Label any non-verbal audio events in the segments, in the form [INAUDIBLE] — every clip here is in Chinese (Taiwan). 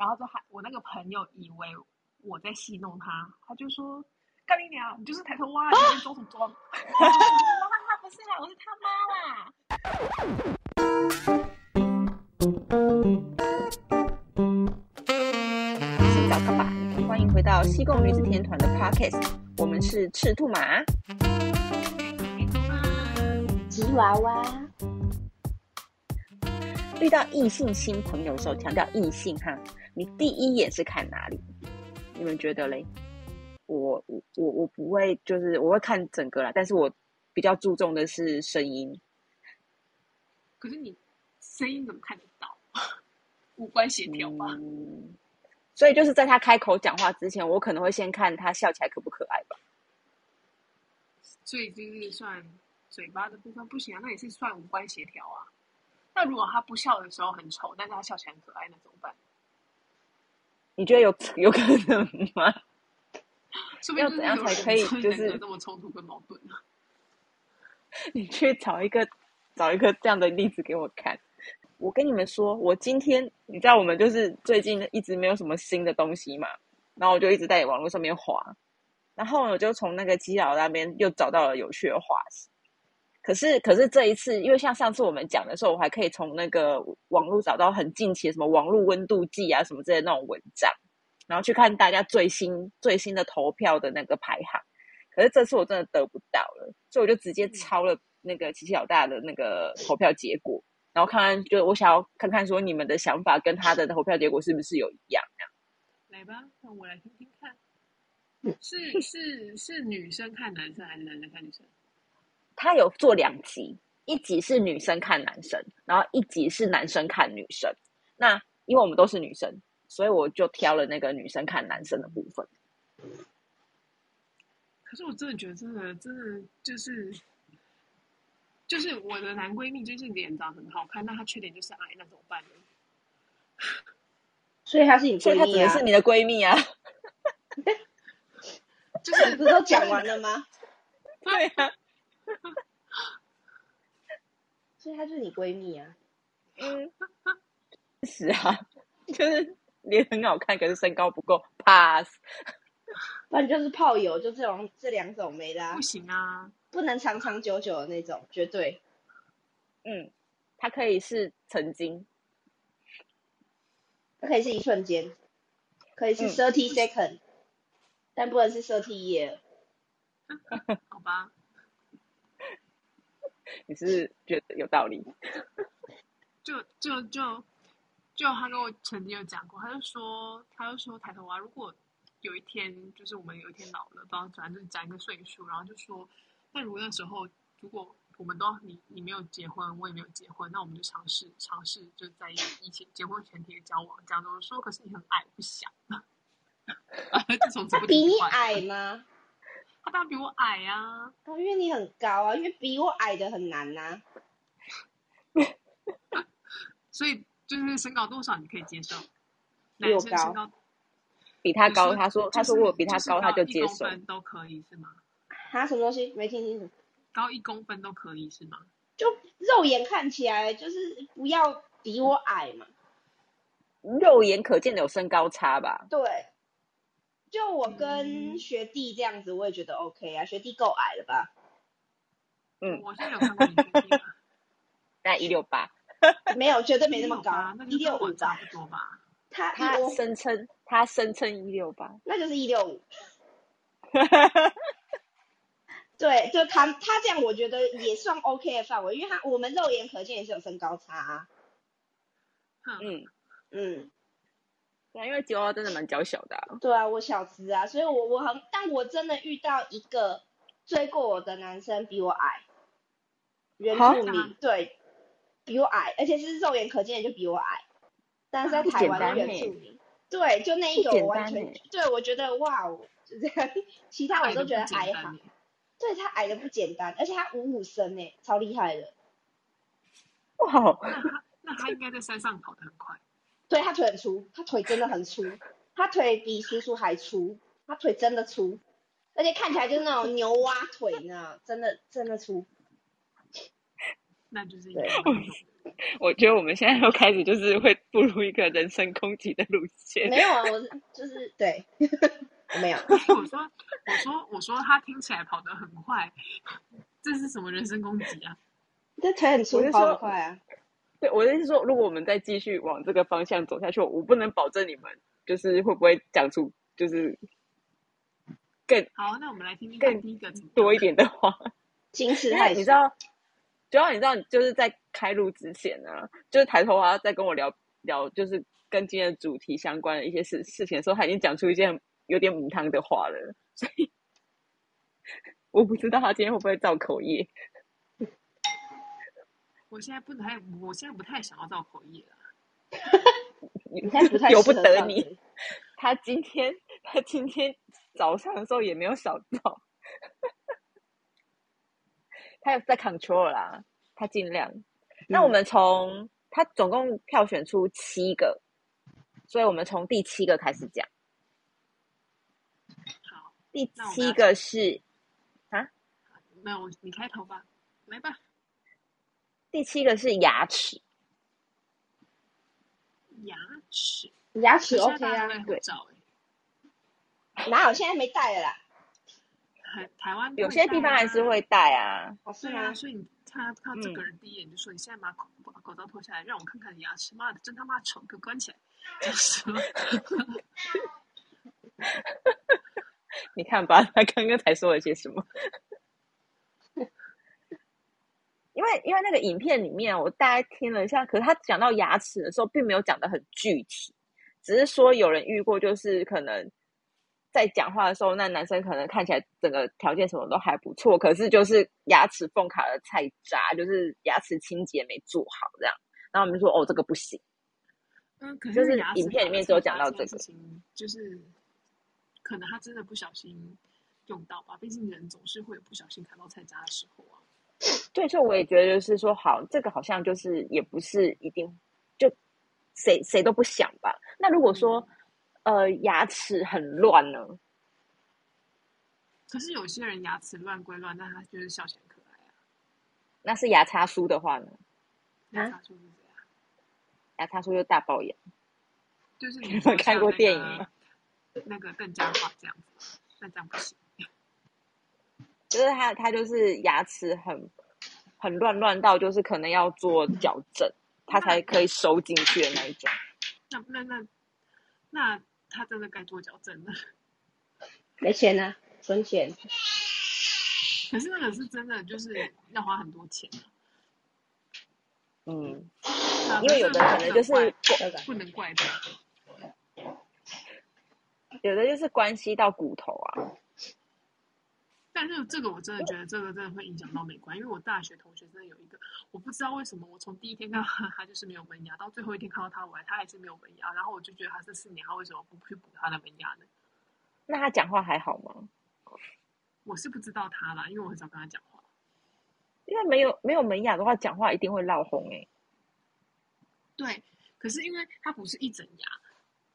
然後就喊我那個朋友以為我在戲弄他，他就說：“幹你娘，你就是抬頭蛙，你就是裝什麼裝？”哈哈哈哈哈！哦、媽媽不是啦，我是他媽啦。我是早看板，歡迎回到西貢女子天團的 Podcast，我們是赤兔馬、嗯、吉娃娃。遇到異性新朋友的時候，強調異性哈。你第一眼是看哪裡？你們覺得嘞？我我我不會，就是我會看整個啦，但是我比較注重的是聲音。可是你聲音怎麼看得到？五官協調嗎？所以就是在他開口講話之前，我可能會先看他笑起來可不可愛吧。所以你算嘴巴的部分，不行啊，那也是算五官協調啊。那如果他不笑的時候很醜，但是他笑起來很可愛，那怎麼辦？你覺得有有可能嗎？要怎樣才可以？就是這麼衝突跟矛盾呢、啊？你去找一個，找一個這樣的例子給我看。我跟你們說，我今天你知道我們就是最近一直沒有什麼新的東西嘛，然後我就一直在網絡上面滑，然後我就從那個基佬那邊又找到了有趣的話。可是，可是這一次，因為像上次我們講的時候，我還可以從那個網絡找到很近期的什麼網絡溫度計啊，什麼之類的那種文章，然後去看大家最新最新的投票的那個排行。可是這次我真的得不到了，所以我就直接抄了那個七七老大的那個投票結果，然後看看，就是我想要看看說你們的想法跟他的投票結果是不是有一樣。來吧，那我來聽聽看，是是是女生看男生還是男生看女生？他有做兩集，一集是女生看男生，然後一集是男生看女生。那因為我們都是女生，所以我就挑了那個女生看男生的部分。可是我真的覺得，真的真的就是，就是我的男閨蜜，就是臉長很好看，那他缺點就是矮，那怎麼辦呢？所以他是你、啊，所以他也是你的閨蜜啊。你 [LAUGHS] 不、就是都講完了嗎？就是 [LAUGHS] 就是、 [LAUGHS] 對呀、啊。 [LAUGHS] 所以她是你閨蜜啊？ [LAUGHS] 嗯，是啊，就是臉 [LAUGHS] 很好看，可是身高不夠，pass。反正就是炮友，就這種這兩種沒啦。不行啊，不能長長久久的那種，絕對。嗯，它可以是曾經，它可以是一瞬間，可以是 thirty、嗯、second，但不能是 thirty year。 [LAUGHS] 好吧。你是，是覺得有道理？就就就就他跟我曾經有講過，他就說他就說抬頭啊，如果有一天就是我們有一天老了，然後反正講一個歲數，然後就說，那如果那時候如果我們都要你你沒有結婚，我也沒有結婚，那我們就嘗試嘗試就在一起結婚前提的交往，這樣子。我說可是你很矮不想。 [LAUGHS] 自這麼 [LAUGHS] 他比你矮嗎？他、啊、爸比我矮啊，啊！因為你很高啊，因為比我矮的很難吶、啊。 [LAUGHS] 所以就是身高多少你可以接受？男生身高比他高，他說、就是、他說如果比他高他就接受，都可以是嗎？他什麼東西沒聽清楚？高一公分都可以，是嗎，聽聽都可以是嗎？就肉眼看起來就是不要比我矮嘛。嗯、肉眼可見的有身高差吧？對。就我跟學弟這樣子，我也覺得 OK 啊。嗯、學弟夠矮了吧？嗯，我現在有看過你學弟嘛？ [LAUGHS] 那一六八， [LAUGHS] 沒有，絕對沒那麼高，啊，一六五差不多吧。他他聲稱他聲稱一六八，那就是一六五。 [LAUGHS] [LAUGHS] 對，就他他這樣，我覺得也算 OK 的範圍，因為他我們肉眼可見也是有身高差，啊 [LAUGHS] 嗯。嗯嗯。啊，因為嬌真的蠻嬌小的、啊。對啊，我小只啊，所以我我很，但我真的遇到一個追過我的男生比我矮，原住民對，比我矮，而且是肉眼可見的就比我矮，但是在台灣的原住民、欸，對，就那一個我完全，欸、對我覺得哇哦，就這樣，其他我都覺得還好。矮欸，、對他矮的不簡單，而且他五五身誒、欸，超厲害的，哇， [LAUGHS] 那他那他應該在山上跑得很快。對他腿很粗，他腿真的很粗，他腿比叔叔還粗，他腿真的粗，而且看起來就是那種牛蛙腿呢，真的真的粗。那就是一個，我覺得我們現在又開始就是會步入一個人身攻擊的路線。沒有啊，我就是對， [LAUGHS] 我沒有。我說，我說，我說，他聽起來跑得很快，這是什麼人身攻擊啊？這腿很粗，跑得快啊。對，我的意思說，如果我們再繼續往這個方向走下去，我不能保證你們就是會不會講出就是更好。那我們來聽聽更更多一點的話。其實，你知道，主要你知道，就是在開錄之前呢，就是抬頭華、啊、在跟我聊聊，就是跟今天的主題相關的一些事事情的時候，他已經講出一件有點母湯的話了。所以 [LAUGHS] 我不知道他今天會不會造口業。我現在不太，我現在不太想要做口譯了。 [LAUGHS] 你在不太 [LAUGHS] 由不得你。 [LAUGHS] 他今天，他今天早上的時候也沒有想到， [LAUGHS] 他有在 control 啦、啊，他盡量。嗯、那我們從，他總共票選出七個，所以我們從第七個開始講。好，第七個是那我啊，沒有你開頭吧，來吧。第七個是牙齒，牙齒牙齒 OK 啊，對，還 [LAUGHS] 好現在沒帶了啦。台灣、啊、有些地方還是會帶啊。是啊，對啊，對啊、嗯，所以你他他這個人第一眼就說：“你現在把口把、嗯、口罩脫下來，讓我看看你牙齒。”媽的，真他媽醜，給關起來。就是、什麼？ [LAUGHS] [LAUGHS] [LAUGHS] 你看吧，他剛剛才說了些什麼。 [LAUGHS] 因為因為那個影片裡面，我大概聽了一下，可是他講到牙齒的時候，並沒有講得很具體，只是說有人遇過，就是可能在講話的時候，那男生可能看起來整個條件什麼都還不錯，可是就是牙齒縫卡了菜渣，就是牙齒清潔沒做好這樣。然後我們就說，哦，這個不行。嗯，可是，是影片裡面只有講到這個，啊、這就是可能他真的不小心用到吧，畢竟人總是會有不小心卡到菜渣的時候啊。對，所以我也覺得，就是說，好，這個好像就是也不是一定就誰誰都不想吧。那如果說、嗯、呃牙齒很亂呢？可是有些人牙齒亂歸亂，但他就是笑起來可愛啊。那是牙差叔的話呢？牙差叔是誰啊？牙差叔就大齙牙。就是你們看過電影？ [LAUGHS] 那個更加好這樣，那這樣不行。就是他，他就是牙齒很。很亂亂到，就是可能要做矯正，他才可以收進去的那一種。那那那那他真的該做矯正了。沒錢啊，存錢。可是那個是真的，就是要花很多錢嗯、啊，因為有的可能就是、啊、不能怪他，有的就是關係到骨頭啊。但是這個我真的覺得，這個真的會影響到美觀。因為我大學同學真的有一個，我不知道為什麼，我從第一天看到他，他就是沒有門牙，到最後一天看到他來，他還是沒有門牙。然後我就覺得他是四年，他為什麼不去補他的門牙呢？那他講話還好嗎？我是不知道他啦，因為我很少跟他講話。因為沒有沒有門牙的話，講話一定會漏風哎。對，可是因為他不是一整牙，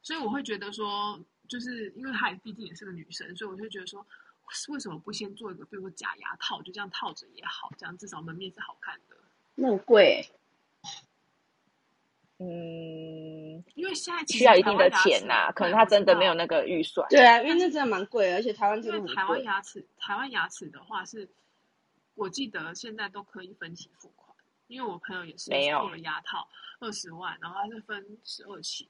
所以我會覺得說，就是因為他也畢竟也是個女生，所以我就會覺得說。是為什麼不先做一個，比如說假牙套，就這樣套着也好，這樣至少門面是好看的。那麼貴，欸？嗯，因為現在其實、啊、需要一定的錢吶、啊，可能他真的沒有那個預算。對啊，因為那真的蠻貴，而且台灣就是台灣牙齒，台灣牙齒的話是，我記得現在都可以分期付款，因為我朋友也是做了牙套，二十萬，然後他是分十二期。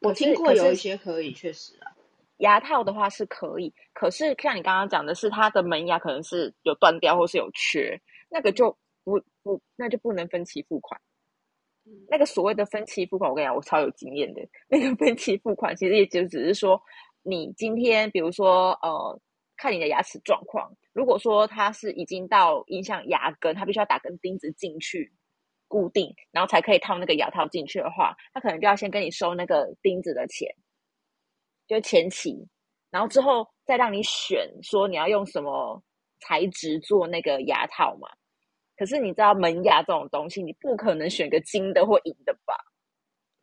我聽過有一些可以，確實啊。牙套的話是可以，可是像你剛剛講的，是他的門牙可能是有斷掉或是有缺，那個就不不，那就不能分期付款。那個所謂的分期付款，我跟你講，我超有經驗的。那個分期付款其實也就只是說，你今天比如說呃，看你的牙齒狀況，如果說它是已經到影響牙根，它必須要打根釘子進去固定，然後才可以套那個牙套進去的話，他可能就要先跟你收那個釘子的錢。就前期，然後之後再讓你選，說你要用什麼材質做那個牙套嘛。可是你知道門牙這種東西，你不可能選個金的或銀的吧？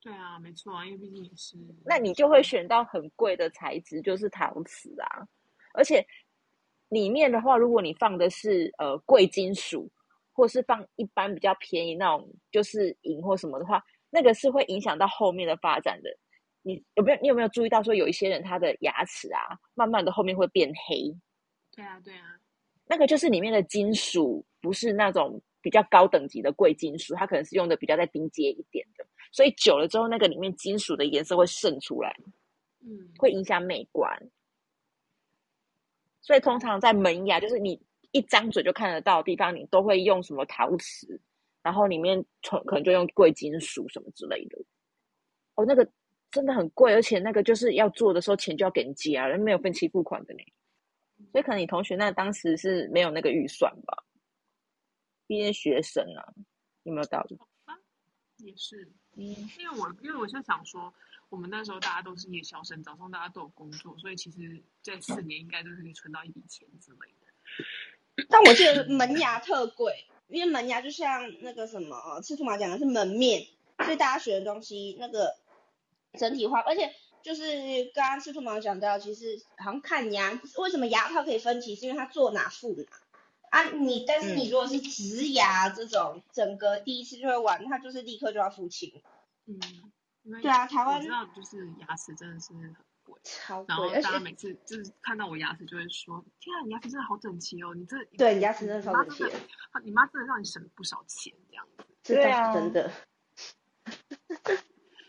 對啊，沒錯，因為畢竟也是……那你就會選到很貴的材質，就是陶瓷啊。而且裡面的話，如果你放的是呃貴金屬，或是放一般比較便宜那種，就是銀或什麼的話，那個是會影響到後面的發展的。你有沒有你有沒有注意到說有一些人他的牙齒啊，慢慢的後面會變黑?對啊，對啊，那個就是裡面的金屬不是那種比較高等級的貴金屬，它可能是用的比較再低階一點的，所以久了之後那個裡面金屬的顏色會滲出來，嗯，會影響美觀。所以通常在門牙，就是你一張嘴就看得到的地方，你都會用什麼陶瓷，然後裡面從可能就用貴金屬什麼之類的。哦，那個。真的很貴，而且那個就是要做的時候錢就要給人家，人沒有分期付款的呢。所以可能你同學那當時是沒有那個預算吧，畢竟學生啊，有沒有道理？也是，嗯，因為我因為我是想說，我們那時候大家都是夜校生，早上大家都有工作，所以其實這四年應該都是可以存到一筆錢之類的。但我記得門牙特貴， [LAUGHS] 因為門牙就像那個什麼，赤兔馬講的是門面，所以大家學的東西那個。整體化，而且就是剛剛司徒芒講到，其實好像看牙，為什麼牙套可以分期，是因為它做哪付哪啊？你你但是你如果是植牙這種，整個第一次就會完，它就是立刻就要付清。嗯，對啊，台灣就是牙齒真的是很貴，超貴，然後大家每次就是看到我牙齒就會說，天啊，你牙齒真的好整齊哦，你這對，你牙齒真的好整齊，你媽真的讓你省不少錢這樣子，的對啊，真的。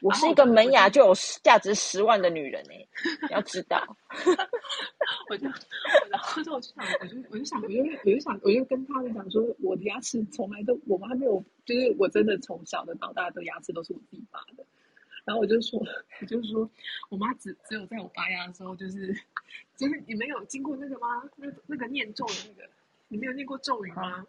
我是一個門牙就有價值十萬的女人哎、欸，你要知道。 [LAUGHS] 我就，然後就我就，我就想，我就我就想，我就我就想，我就跟他們講說，我的牙齒從來都我媽沒有，就是我真的從小的到大的牙齒都是我自己拔的。然後我就說，我就說，我媽只只有在我拔牙的時候，就是就是你沒有經過那個嗎？那那個念咒的那個，你沒有念過咒語嗎？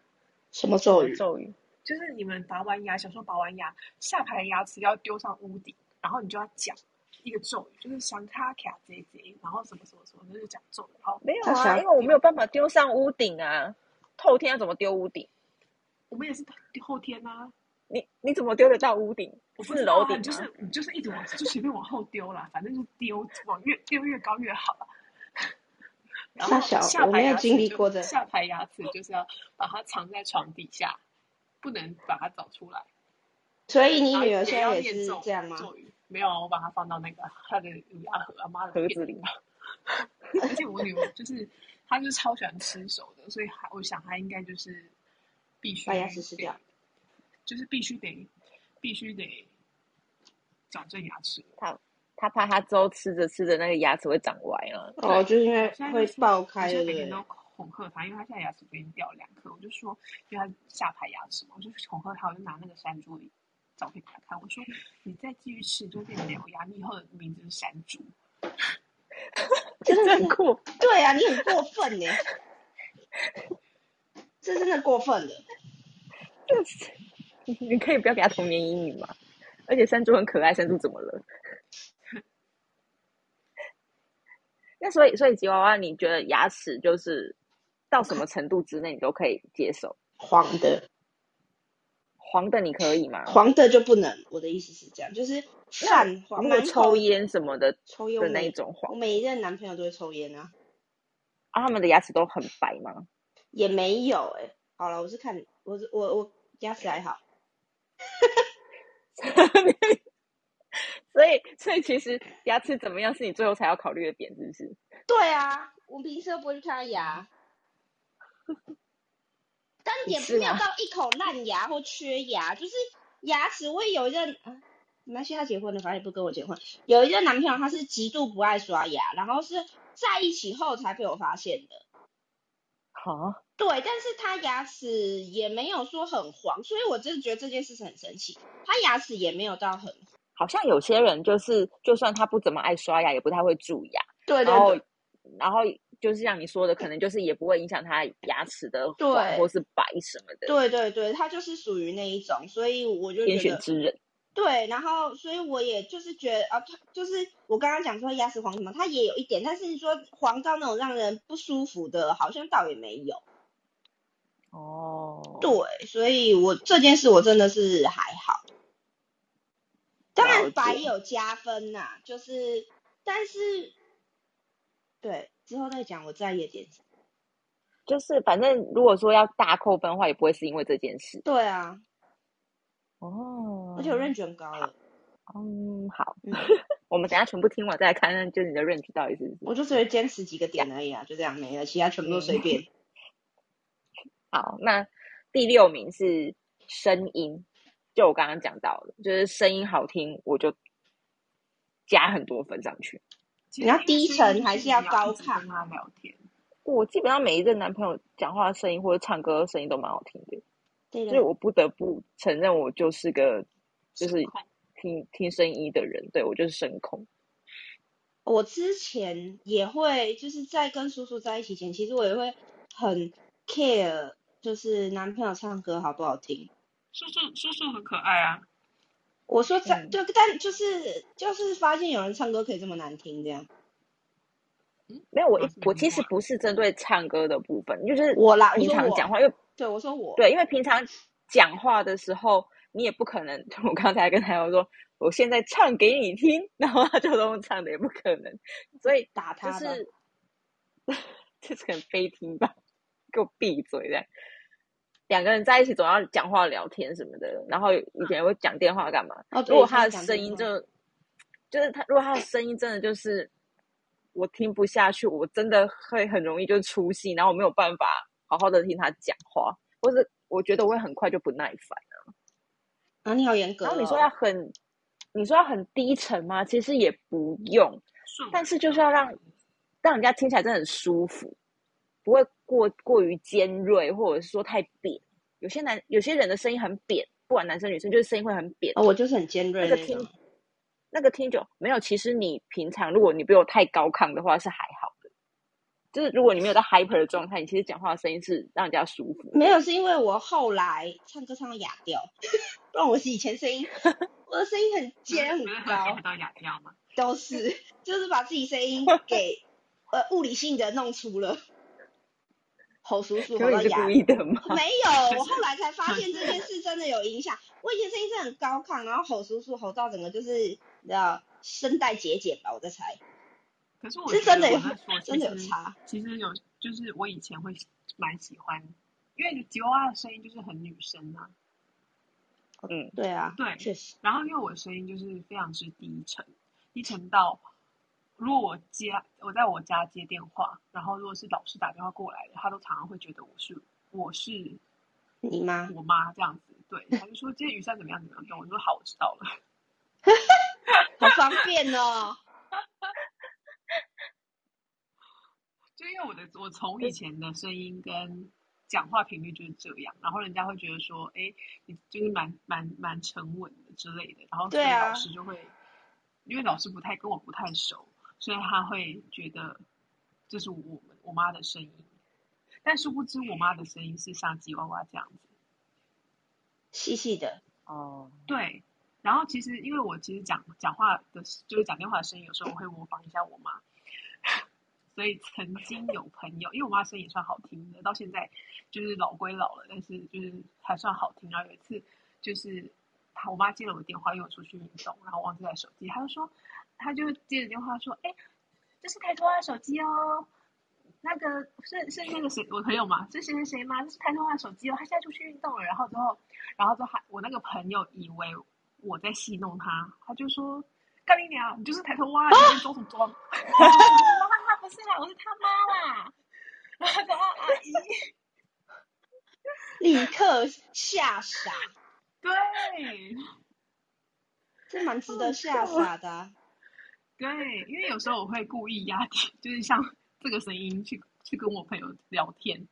什麼咒語？啊、咒語。就是你們拔完牙，小時候拔完牙，下排牙齒要丟上屋頂，然後你就要講一個咒語，就是想卡卡 k k z z，然後什麼什麼什麼，那就講咒語。好，沒有啊，因為我沒有辦法丟上屋頂啊，後天要怎麼丟屋頂？我們也是後天啊。你你怎麼丟得到屋頂？我不、啊、是樓頂就是你就是一直往就隨便往後丟了， [LAUGHS] 反正就丟往越丟越高越好了、啊。小然後小我沒經歷過，的下排牙齒就，就是要把它藏在床底下。不能把它找出來，所以你女兒現在、啊、也，也是這樣嗎？沒有，我把它放到那個她的牙盒媽的盒子裡了。而且我女兒就是，她 [LAUGHS] 就是超喜歡吃手的，所以還我想她應該就是必須把牙齒吃掉，就是必須得必須得矯正牙齒。她她怕她之後吃着吃着那個牙齒會長歪了、啊，哦，oh, 就是會爆開恐嚇他，因為他現在牙齒已經掉了兩顆，我就說，因為他下排牙齒嘛，我就恐嚇他，我就拿那個山豬的照片給他看，我說：“你再繼續吃，就會掉牙，你以後的名字是山豬。”真的很酷！ [LAUGHS] 對啊，你很過分呢，這 [LAUGHS] [LAUGHS] [LAUGHS] [LAUGHS] 真的過分了。你可以不要給他童年陰影嘛，而且山豬很可愛，山豬怎麼了？ [LAUGHS] [LAUGHS] 那所以，所以吉娃娃，你覺得牙齒就是？到什麼程度之內你都可以接受黃的，黃的你可以嗎？黃的就不能。我的意思是這樣，就是淡黃。如果抽煙什麼的，抽煙的那一種黃，每一任男朋友都會抽煙啊。啊，他們的牙齒都很白嗎？也沒有哎、欸。好了，我是看我是我我，我牙齒還好，哈哈。所以所以其實牙齒怎麼樣是你最後才要考慮的點，是不是？對啊，我平時都不會去看牙。 [LAUGHS] 但也不要到一口爛牙或缺牙，是就是牙齒我有一個。沒關係，他現在結婚了，反正也不跟我結婚。有一個男朋友，他是極度不愛刷牙，然後是在一起後才被我發現的。哈，對，但是他牙齒也沒有說很黃，所以我真的覺得這件事很神奇。他牙齒也沒有到很，好像有些人就是，就算他不怎麼愛刷牙，也不太會蛀牙、啊。對對對，然後，然後。就是像你說的，可能就是也不會影響他牙齒的黃或是白什麼的。對對對，他就是屬於那一種，所以我就天選之人。對，然後所以我也就是覺得啊，就是我剛剛講說牙齒黃什麼，他也有一點，但是你說黃到那種讓人不舒服的，好像倒也沒有。哦。對，所以我這件事我真的是還好。當然，白有加分吶，啊，就是但是對。之後再講，我在意點，點。就是反正如果說要大扣分的話，也不會是因為這件事。對啊。哦。而且我認知很高了。嗯，好。 [LAUGHS] 我們等下全部聽完再來看，就是你的認知到底是不是……我就只是堅持幾個點而已啊、嗯，就這樣，沒了。其他全部都隨便。好，那第六名是聲音，就我剛剛講到的，就是聲音好聽，我就加很多分上去。你要低沉還是要高亢啊？聊天，我基本上每一任男朋友講話的聲音或者唱歌聲音都蠻好聽的，對的，所以我不得不承認我就是個就是聽聽聲音的人。對我就是聲控。我之前也會就是在跟叔叔在一起前，其實我也會很 care，就是男朋友唱歌好不好聽。叔叔叔叔很可愛啊。我說就、嗯、但就是就是發現有人唱歌可以這麼難聽這樣，沒有我一我其實不是針對唱歌的部分，就，就是我啦平常講話，又對我說我，對，我，說我對，因為平常講話的時候你也不可能，就我剛才跟他說，我現在唱給你聽，然後他就這麼唱的。也不可能，所以打他，就是這、就是很悲聽吧，給我閉嘴這樣！兩個人在一起總要講話聊天什麼的，然後以前會講電話幹嘛？Okay, 如果他的聲音就就是他，如果他的聲音真的就是我聽不下去，我真的會很容易就出戲，然後我沒有辦法好好的聽他講話，或者我覺得我會很快就不耐煩了。啊，你好嚴格哦。然後你說要很，你說要很低沉嗎？其實也不用，但是就是要讓讓人家聽起來真的很舒服。不會過過於尖銳，或者是說太扁。有些男、有些人的聲音很扁，不管男生女生，就是聲音會很扁。哦，我就是很尖銳那。那個聽，那個聽就沒有。其實你平常，如果你沒有太高亢的話，是還好的。就是如果你沒有到 hyper 的狀態，你其實講話的聲音是讓人家舒服。沒有，是因為我後來唱歌唱到啞掉， [LAUGHS] 不然我是以前聲音，我的聲音很尖很高。到啞掉嗎？都是，就是把自己聲音給 [LAUGHS] 呃物理性的弄出了。吼叔叔，我是故意的嗎？沒有，我後來才發現這件事真的有影響。 [LAUGHS] 我以前聲音是很高亢，然後吼叔叔、吼到整個就是你知道聲帶結節吧，我才。可是我，我真的有，我真的有差。其實有，就是我以前會蠻喜歡，因為你吉娃娃的聲音就是很女生啊。嗯，對啊。對。確實。然後，因為我的聲音就是非常之低沉，低沉到。如果我接我在我家接電話，然後如果是老師打電話過來的，他都常常會覺得我是我是你媽我、我媽這樣子，對，他就說今天雨下怎麼樣 [LAUGHS] 怎麼樣？我就說好，我知道了， [LAUGHS] 好方便哦。 [LAUGHS] 就因為我的我從以前的聲音跟講話頻率就是這樣，然後人家會覺得說，哎，就是蠻蠻蠻、蠻沉穩的之類的，然後所以老師就會、啊、因為老師不太跟我不太熟。所以他會覺得，這是我我媽的聲音，但殊不知我媽的聲音是像吉娃娃這樣子，細細的哦。對，然後其實因為我其實講講話的，就是講電話的聲音，有時候我會模仿一下我媽。 [LAUGHS] 所以曾經有朋友，因為我媽聲音也算好聽的，到現在就是老歸老了，但是就是還算好聽。然後有一次，就是我媽接了我的電話，因為我出去運動，然後忘記帶手機，她就說。他就接着電話說：“哎、欸，這是抬頭蛙手機哦，那個是是那個誰我朋友嘛，是誰誰誰嘛，這是抬頭蛙手機哦。他現在出去運動了，然後之後，然後之後，我那個朋友以為我在戲弄他，他就說：‘告訴你啊你就是抬頭蛙，你裝什麼裝？’哈哈哈哈哈！不是啦，我是他媽啦，啊，電話阿姨，立刻嚇傻，對，這蠻值得嚇傻的。 [LAUGHS] ”對，因為有時候我會故意壓低，就是像這個聲音去去跟我朋友聊天。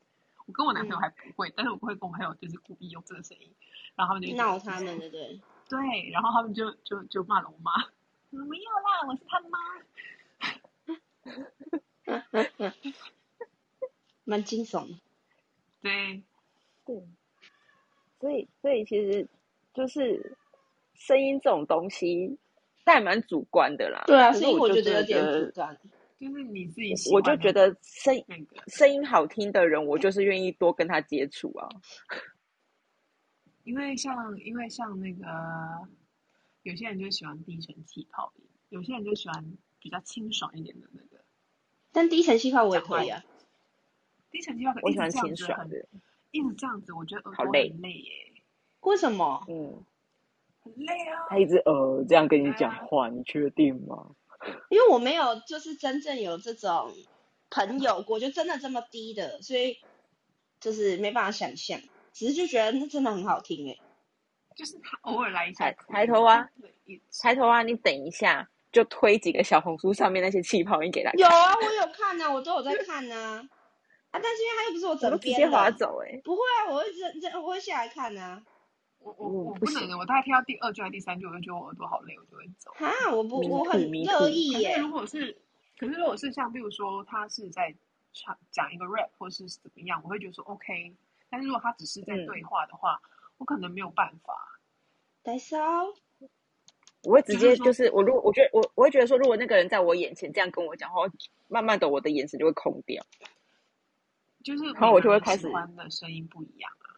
我跟我男朋友還不會，嗯、但是我會跟我朋友就是故意用這個聲音，然後他們就鬧他們，對不對？對，然後他們就就就，就罵了我媽。我沒有啦，我是他的媽。 [LAUGHS] 蠻驚悚的。對。對。所以，所以其實就是聲音這種東西。但蠻主觀的啦，對啊，所以我覺得、這個就是、有點主觀，就是你自己喜歡、那個。我就覺得聲、那個、聲音好聽的人，我就是願意多跟他接觸啊。因為像因為像那個，有些人就喜歡低沉氣泡音，有些人就喜歡比較清爽一點的那個。但低沉氣泡我也可以啊。低沉氣泡的我喜歡清爽的，一直這樣子我覺得耳朵很累耶、欸。為什麼？嗯。很累哦、他一直呃這樣跟你講話，你確定嗎？因為我沒有，就是真正有這種朋友過，過就真的這麼低的，所以就是沒辦法想象。只是就覺得那真的很好聽哎、欸。就是他偶爾來一下，抬頭啊，抬頭啊！你等一下，就推幾個小紅書上面那些氣泡音給他看。有啊，我有看啊，我都有在看呢、啊就是。啊，但是因為他又不是我枕邊的。直接劃走哎、欸！不會啊，我會我會下來看啊。我我、嗯、我不能的，我大概聽到第二句還是第三句，我就覺得我耳朵好累，我就會走。哈，我不，我很樂意耶。如果是、欸，可是如果是像，比如說他是在唱講一個 rap 或是怎麼樣，我會覺得說 OK。但是如果他只是在對話的話，嗯、我可能沒有辦法。是、嗯、啊，我會直接就是，我如果我覺得我我會覺得說，如果那個人在我眼前這樣跟我講話，慢慢的我的眼神就會空掉。就是，可能我就會開始。的聲音不一樣啊。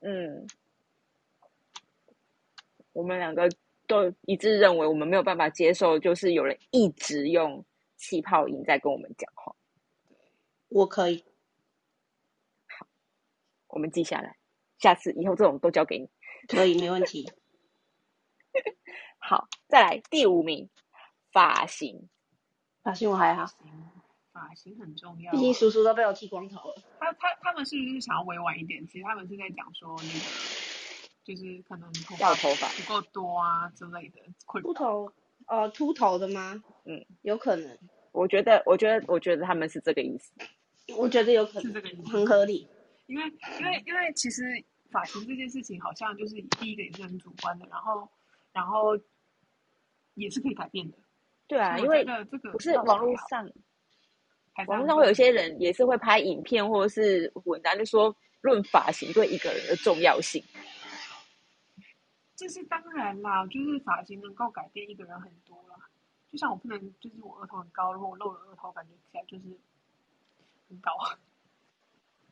嗯。我們兩個都一致認為，我們沒有辦法接受，就是有人一直用氣泡音在跟我們講話。我可以，好，我們記下來，下次以後這種都交給你，可以，沒問題。 [LAUGHS] 好，再來第五名，髮型，髮型我還好，髮型，髮型很重要，畢竟叔叔都被我剃光頭了。他他他們是不是想要委婉一點？其實他們是在講說那個。就是可能掉頭髮不夠多啊之類的困擾。禿頭？呃，禿頭的嗎？嗯，有可能。我覺得，我覺得，我覺得他們是這個意思。我覺得有可能是這個意思，很合理。因為，因為，因為其實髮型這件事情，好像就是第一個也是很主觀的，然後，然後也是可以改變的。對啊，這個、因為這個不是網絡上，網絡上會有些人也是會拍影片或者是文章，就說論髮型對一個人的重要性。這、就是當然啦，就是髮型能夠改變一個人很多了。就像我不能，就是我額頭很高，如果我露了額頭，感覺起來就是很高。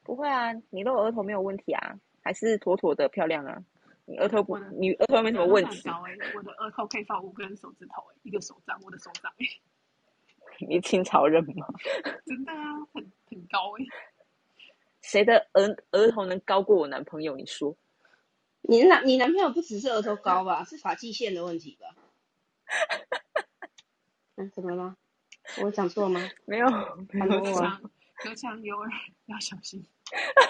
不會啊，你露額頭沒有問題啊，還是妥妥的漂亮啊。你額頭不，你額頭沒什麼問題。我的額頭、欸、可以放五根手指頭、欸、一個手掌，我的手掌、欸、 [LAUGHS] 你清朝人嗎？ [LAUGHS] 真的啊，很挺高哎、欸。誰的額額頭能高過我男朋友？你說。你男你男朋友不只是額頭高吧，是髮際線的問題吧？嗯、 [LAUGHS] 啊，怎麼了？我講錯了嗎？沒、嗯、有，很強，隔牆有耳，要小心。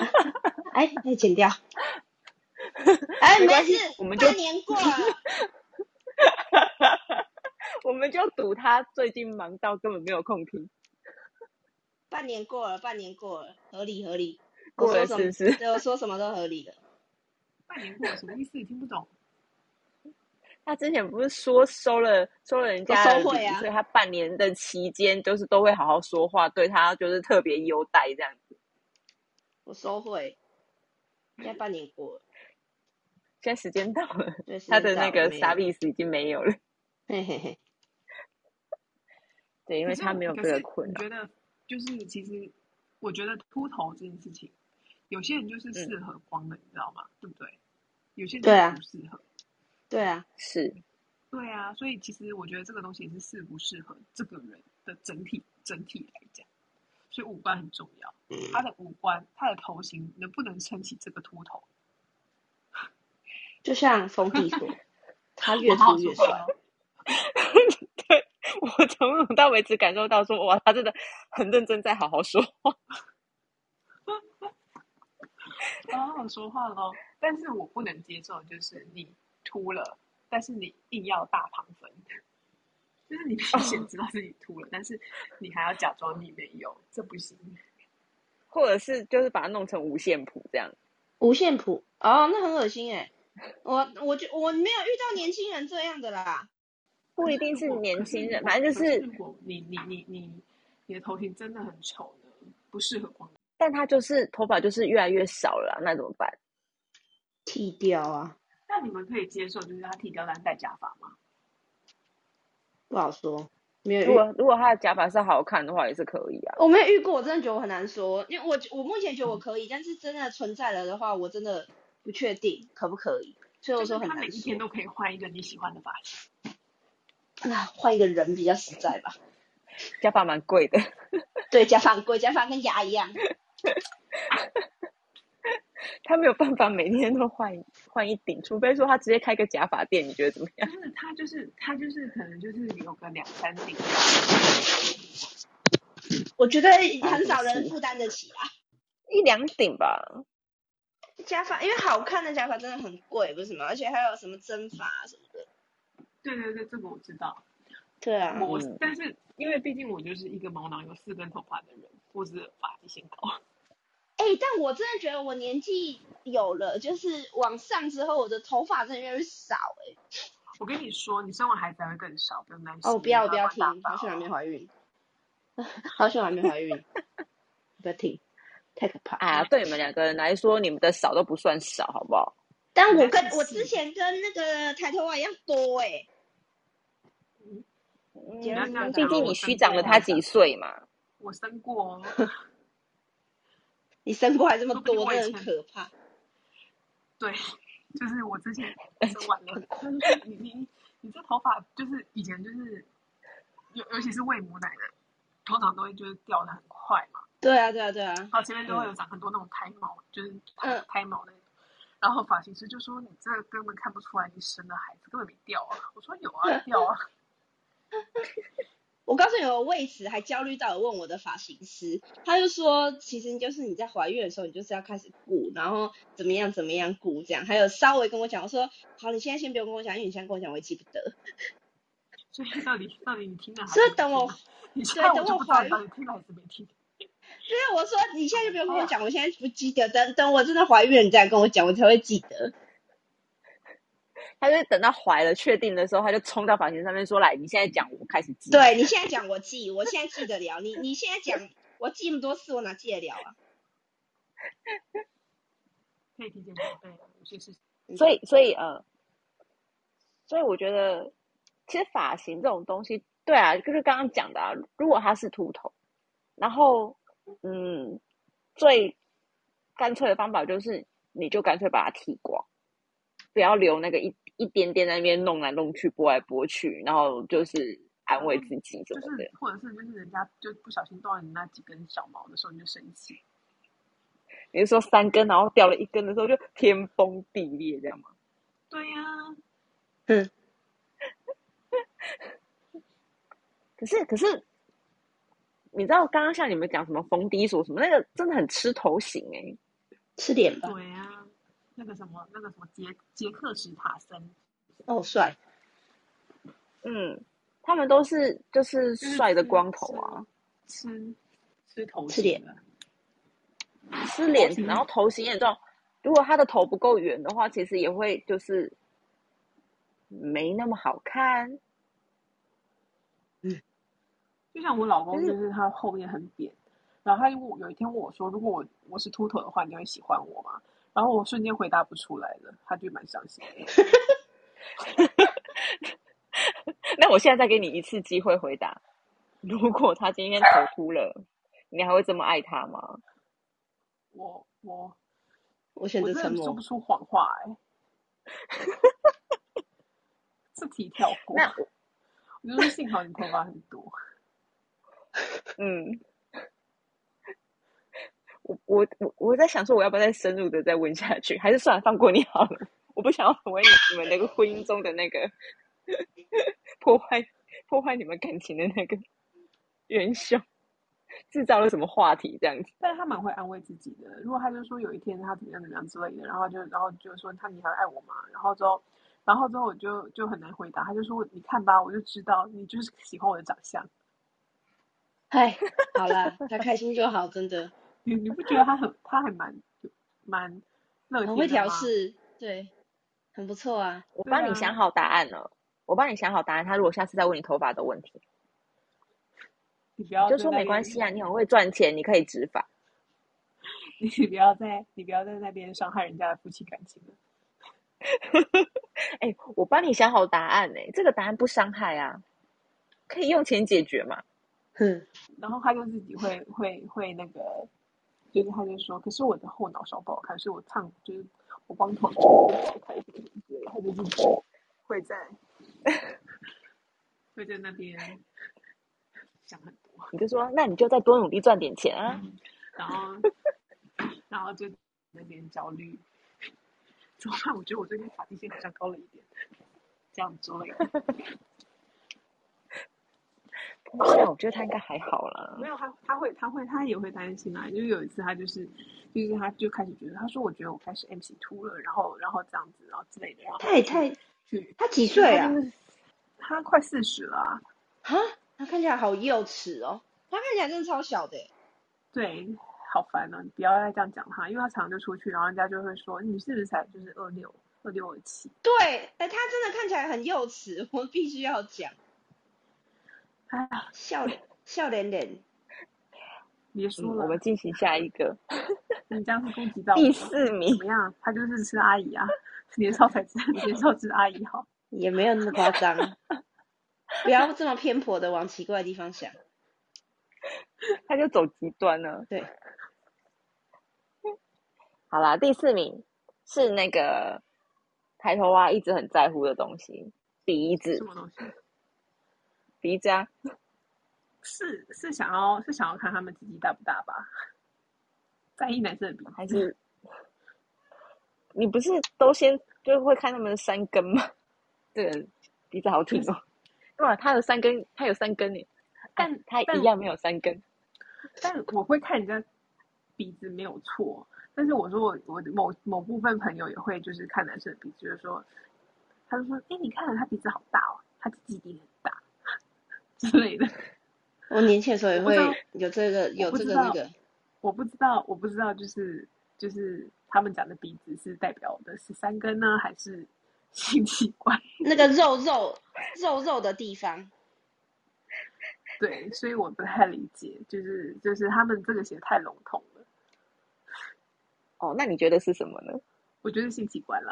[LAUGHS] 哎，再、哎、剪掉。 [LAUGHS] 哎，沒事，我們就半年過了。 [LAUGHS] 我們就賭他最近忙到根本沒有空聽。半年過了，半年過了，合理合理。過了，是，是。是對我說什麼都合理的。半年過什麼意思？你聽不懂。 [LAUGHS] 他之前不是說收了收了人家了，收、啊、所以，他半年的期間就是都會好好說話，對他就是特別優待這樣子。我收回。應該半年過了，現在時間到，到了，他的那個 service 已經沒有了。嘿嘿嘿 [LAUGHS] 對，因為他沒有被困。覺得就是，其實我覺得禿頭這件事情。有些人就是適合光的，嗯、你知道嗎、嗯？對不對？有些人不適合，對、啊。對啊，是。對啊，所以其實我覺得這個東西也是適不適合這個人的整體整體來講，所以五官很重要。嗯、他的五官，他的頭型能不能撐起這個禿頭？就像馮迪索， [LAUGHS] 他越禿越帥。說啊、 [LAUGHS] 對，我從頭到尾只感受到說哇，他真的很認真在好好說話。好 [LAUGHS] 好、oh, 說話嘍，但是我不能接受，就是你禿了，但是你硬要大旁分。就是你明顯知道自己禿了，oh. 但是你還要假裝你沒有，這不行。或者是就是把它弄成五線譜這樣。五線譜哦，oh, 那很噁心誒、欸。我我就我沒有遇到年輕人這樣的啦，不一定是年輕人，反正就是，是你你你你你的頭型真的很醜呢，不適合光。但他就是頭髮就是越來越少了，那怎麼辦？剃掉啊？那你們可以接受，就是他剃掉，然後戴假髮嗎？不好說，沒有。如果如果他的假髮是好看的話，也是可以啊。我沒有遇過，我真的覺得我很難說，因為我我目前覺得我可以，但是真的存在了的話，我真的不確定可不可以。所以我說很難說。就是、他每一天都可以換一個你喜歡的髮型。那、啊、換一個人比較實在吧。假髮蠻貴的。對，假髮貴，假髮跟牙一樣。 [LAUGHS] 他沒有辦法每天都換換一頂，除非說他直接開個假髮店，你覺得怎麼樣？但是他就是他就是可能就是有個兩三頂。 [LAUGHS] 我覺得很少人負擔得起吧，啊、一兩頂吧。假髮因為好看的假髮真的很貴，不是嗎？而且還有什麼蒸髮什麼的。對對對，這個我知道。對啊，我但是因為畢竟我就是一個毛囊有四根頭髮的人，或是髮型高。哎、欸，但我真的覺得我年紀有了，就是往上之後，我的頭髮真的越來越少。哎，我跟你說，你生完孩子還會更少，不用擔心。哦，不要，要不要停、啊，好久還沒懷孕， [LAUGHS] 好久還沒懷孕， [LAUGHS] 不要停，太可怕。哎、啊、對你們兩個人來說，你們的少都不算少，好不好？但我跟我之前跟那個抬頭娃一樣多哎、欸。嗯，畢、嗯、竟你虛長了他幾歲嘛。我生過、哦。 [LAUGHS] 你生出來這麼多，我以前很可怕。對，就是我之前生完了， [LAUGHS] 就是你你你這頭髮就是以前就是，尤尤其是餵母奶的，通常都會就是掉的很快嘛。對啊對啊對啊。然後前面都會有長很多那種胎毛，嗯、就是胎毛的。嗯、然後髮型師就說：“你這根本看不出來，你生的孩子，根本沒掉啊。”我說：“有啊， [LAUGHS] 掉啊。 [LAUGHS] ”我告訴你，我為此還焦慮到問我的髮型師，他就說，其實就是你在懷孕的時候，你就是要開始鼓，然後怎麼樣怎麼樣鼓，這樣。還有稍微跟我講，我說，好，你現在先不用跟我講，因為你現在跟我講，我也記不得。所以到底到底你聽到還沒聽到？ [LAUGHS] 所以等我，等我懷孕聽到還沒聽？所、就、以、是、我說你現在就不用跟我講，啊，我現在不記得。等等我真的懷孕了你再跟我講，我才會記得。他就等到懷了確定的時候，他就衝到髮型上面說：“來，你現在講，我開始記。”對，你現在講，我記，我現在記得了。 [LAUGHS] 你你現在講，我記那麼多次，我哪記得了啊？可 [LAUGHS] 以所以，所以，呃，所以我覺得，其實髮型這種東西，對啊，就是剛剛講的啊。如果他是禿頭，然後，嗯，最乾脆的方法就是，你就乾脆把它剃光，不要留那個一，一點點在那邊弄來弄去，撥來撥去，然後就是安慰自己、嗯、就是，或者是就是人家就不小心斷了你那幾根小毛的時候，就你就生氣，你說三根然後掉了一根的時候就天崩地裂這樣嗎？對呀、啊，嗯， [LAUGHS] 可是可是，你知道剛剛像你們講什麼風低鎖什麼那個真的很吃頭型哎、欸，吃點吧，對、啊那個什麼，那個什麼捷，傑傑克史塔森，哦，帥。嗯，他們都是就是帥的光頭啊，就是、吃是頭，是臉，吃臉的，然後頭型也重、嗯、如果他的頭不夠圓的話，其實也會就是沒那麼好看。嗯，就像我老公，就是他後面很扁。然後他如果有一天問我說：“如果我我是禿頭的話，你會喜歡我嗎？”然後我瞬間回答不出來了，他就蠻傷心。 [LAUGHS] [LAUGHS] [LAUGHS] 那我現在再給你一次機會回答：如果他今天頭禿了、啊，你還會這麼愛他嗎？我我我選擇沉默。我真的說不出謊話哎、欸，是 [LAUGHS] 題跳過。 [LAUGHS] 我覺得幸好你頭髮很多。 [LAUGHS] 嗯。我我我我在想說，我要不要再深入的再問下去，還是算了，放過你好了。我不想要成為你們那個婚姻中的那個 [LAUGHS] 破壞破壞你們感情的那個元凶，製造了什麼話題這樣子。但是他蠻會安慰自己的。如果他就說有一天他怎麼樣怎麼樣之類的，然後就然後就說他你還愛我嗎？然後之後然後之後我就就很難回答。他就說你看吧，我就知道你就是喜歡我的長相。嗨，好了，他開心就好，真的。你 [LAUGHS] 你不覺得他很，他還蠻，蠻，很會調試，對，很不錯啊。我幫你想好答案了，我幫你想好答案。他如果下次再問你頭髮的問題，你不要，你就說沒關係啊，你很會賺錢，你可以植髮。你不要在，你不要在那邊傷害人家的夫妻感情了。哎、 [LAUGHS] [LAUGHS] 欸，我幫你想好答案呢、欸，這個答案不傷害啊，可以用錢解決嘛。哼，然後他就自己會會會那個。就是他就說，可是我的後腦勺不好看，所以我唱就是我幫他他就會在 [LAUGHS] 會在那邊想很多。你就說，那你就再多努力賺點錢啊。嗯，然後，然後就那邊焦慮。昨晚我覺得我最近髮際線好像高了一點，這樣做子。 [LAUGHS] 我覺得他應該還好了哦。沒有他，他會，他會，他也會擔心啊。因為有一次，他就是，就是他就開始覺得，他說：“我覺得我開始 M 型禿了。”然後，然後這樣子，然後之類的。他也太，太……他幾歲啊？他、就是、他快四十了啊！他看起來好幼齒哦。他看起來真的超小的。對，好煩哦！你不要再這樣講他，因為他常常就出去，然後人家就會說：“你是不是才就是二六二六二七？”對，哎、欸，他真的看起來很幼齒，我必須要講。哎呀，笑笑點點別說了，嗯。我們進行下一個。 [LAUGHS] 你這樣會攻擊到。第四名。怎麼樣？他就是吃阿姨啊， [LAUGHS] 年少才知，年少吃阿姨好。也沒有那麼誇張。 [LAUGHS] 不要這麼偏頗的往奇怪的地方想。 [LAUGHS] 他就走極端了。對。好了，第四名是那個抬頭蛙，啊，一直很在乎的東西——鼻子。什鼻尖是是想要是想要看他們自己大不大吧，在意男生的鼻子還是你不是都先就會看他們的三根嗎？對，鼻子好挺哦！哇、嗯，他有三根他有三根臉，但、欸、他一樣沒有三根但。但我會看人家鼻子沒有錯，但是我說我我某某部分朋友也會就是看男生的鼻子，就是說他就說誒、欸，你看了他鼻子好大哦，他鼻基底。之類的，我年輕的時候也會有這個有這個那個，我不知道我不知道，我不知道就是就是他們講的鼻子是代表我的是三根呢、啊，還是性器官，啊？那個肉肉肉肉的地方。 [LAUGHS] 對，所以我不太理解，就是就是他們這個寫得太籠統了。哦，那你覺得是什麼呢？我覺得性器官了。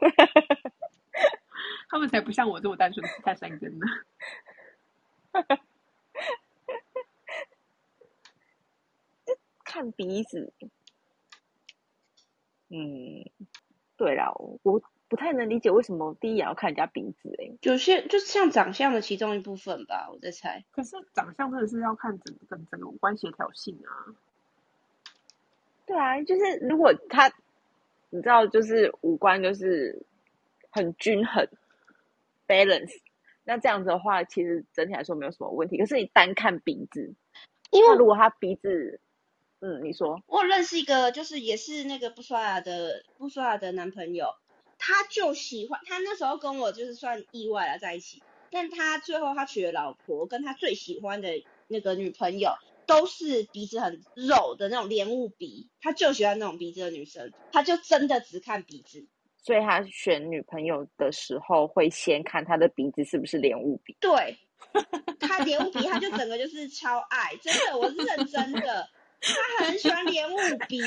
[LAUGHS] [LAUGHS] [LAUGHS] 他們才不像我這麼單純，是看三根呢。 [LAUGHS] [LAUGHS] 看鼻子。嗯，對啦，我不太能理解為什麼我第一眼要看人家鼻子哎、欸，就是就像長相的其中一部分吧，我在猜。可是長相真的是要看整整整個五官協調性啊。對啊，就是如果他，你知道，就是五官就是很均衡 [LAUGHS] ，balance。那這樣子的話，其實整體來說沒有什麼問題。可是你單看鼻子，因為如果他鼻子，嗯，你說，我認識一個，就是也是那個不刷牙的、不刷牙的男朋友，他就喜歡他那時候跟我就是算意外了在一起。但他最後他娶了老婆，跟他最喜歡的那個女朋友都是鼻子很肉的那種蓮霧鼻，他就喜歡那種鼻子的女生，他就真的只看鼻子。所以他選女朋友的時候會先看他的鼻子是不是蓮霧鼻？ [LAUGHS] 對，他蓮霧鼻，他就整個就是超愛，真的，我是認真的， [LAUGHS] 他很喜歡蓮霧鼻。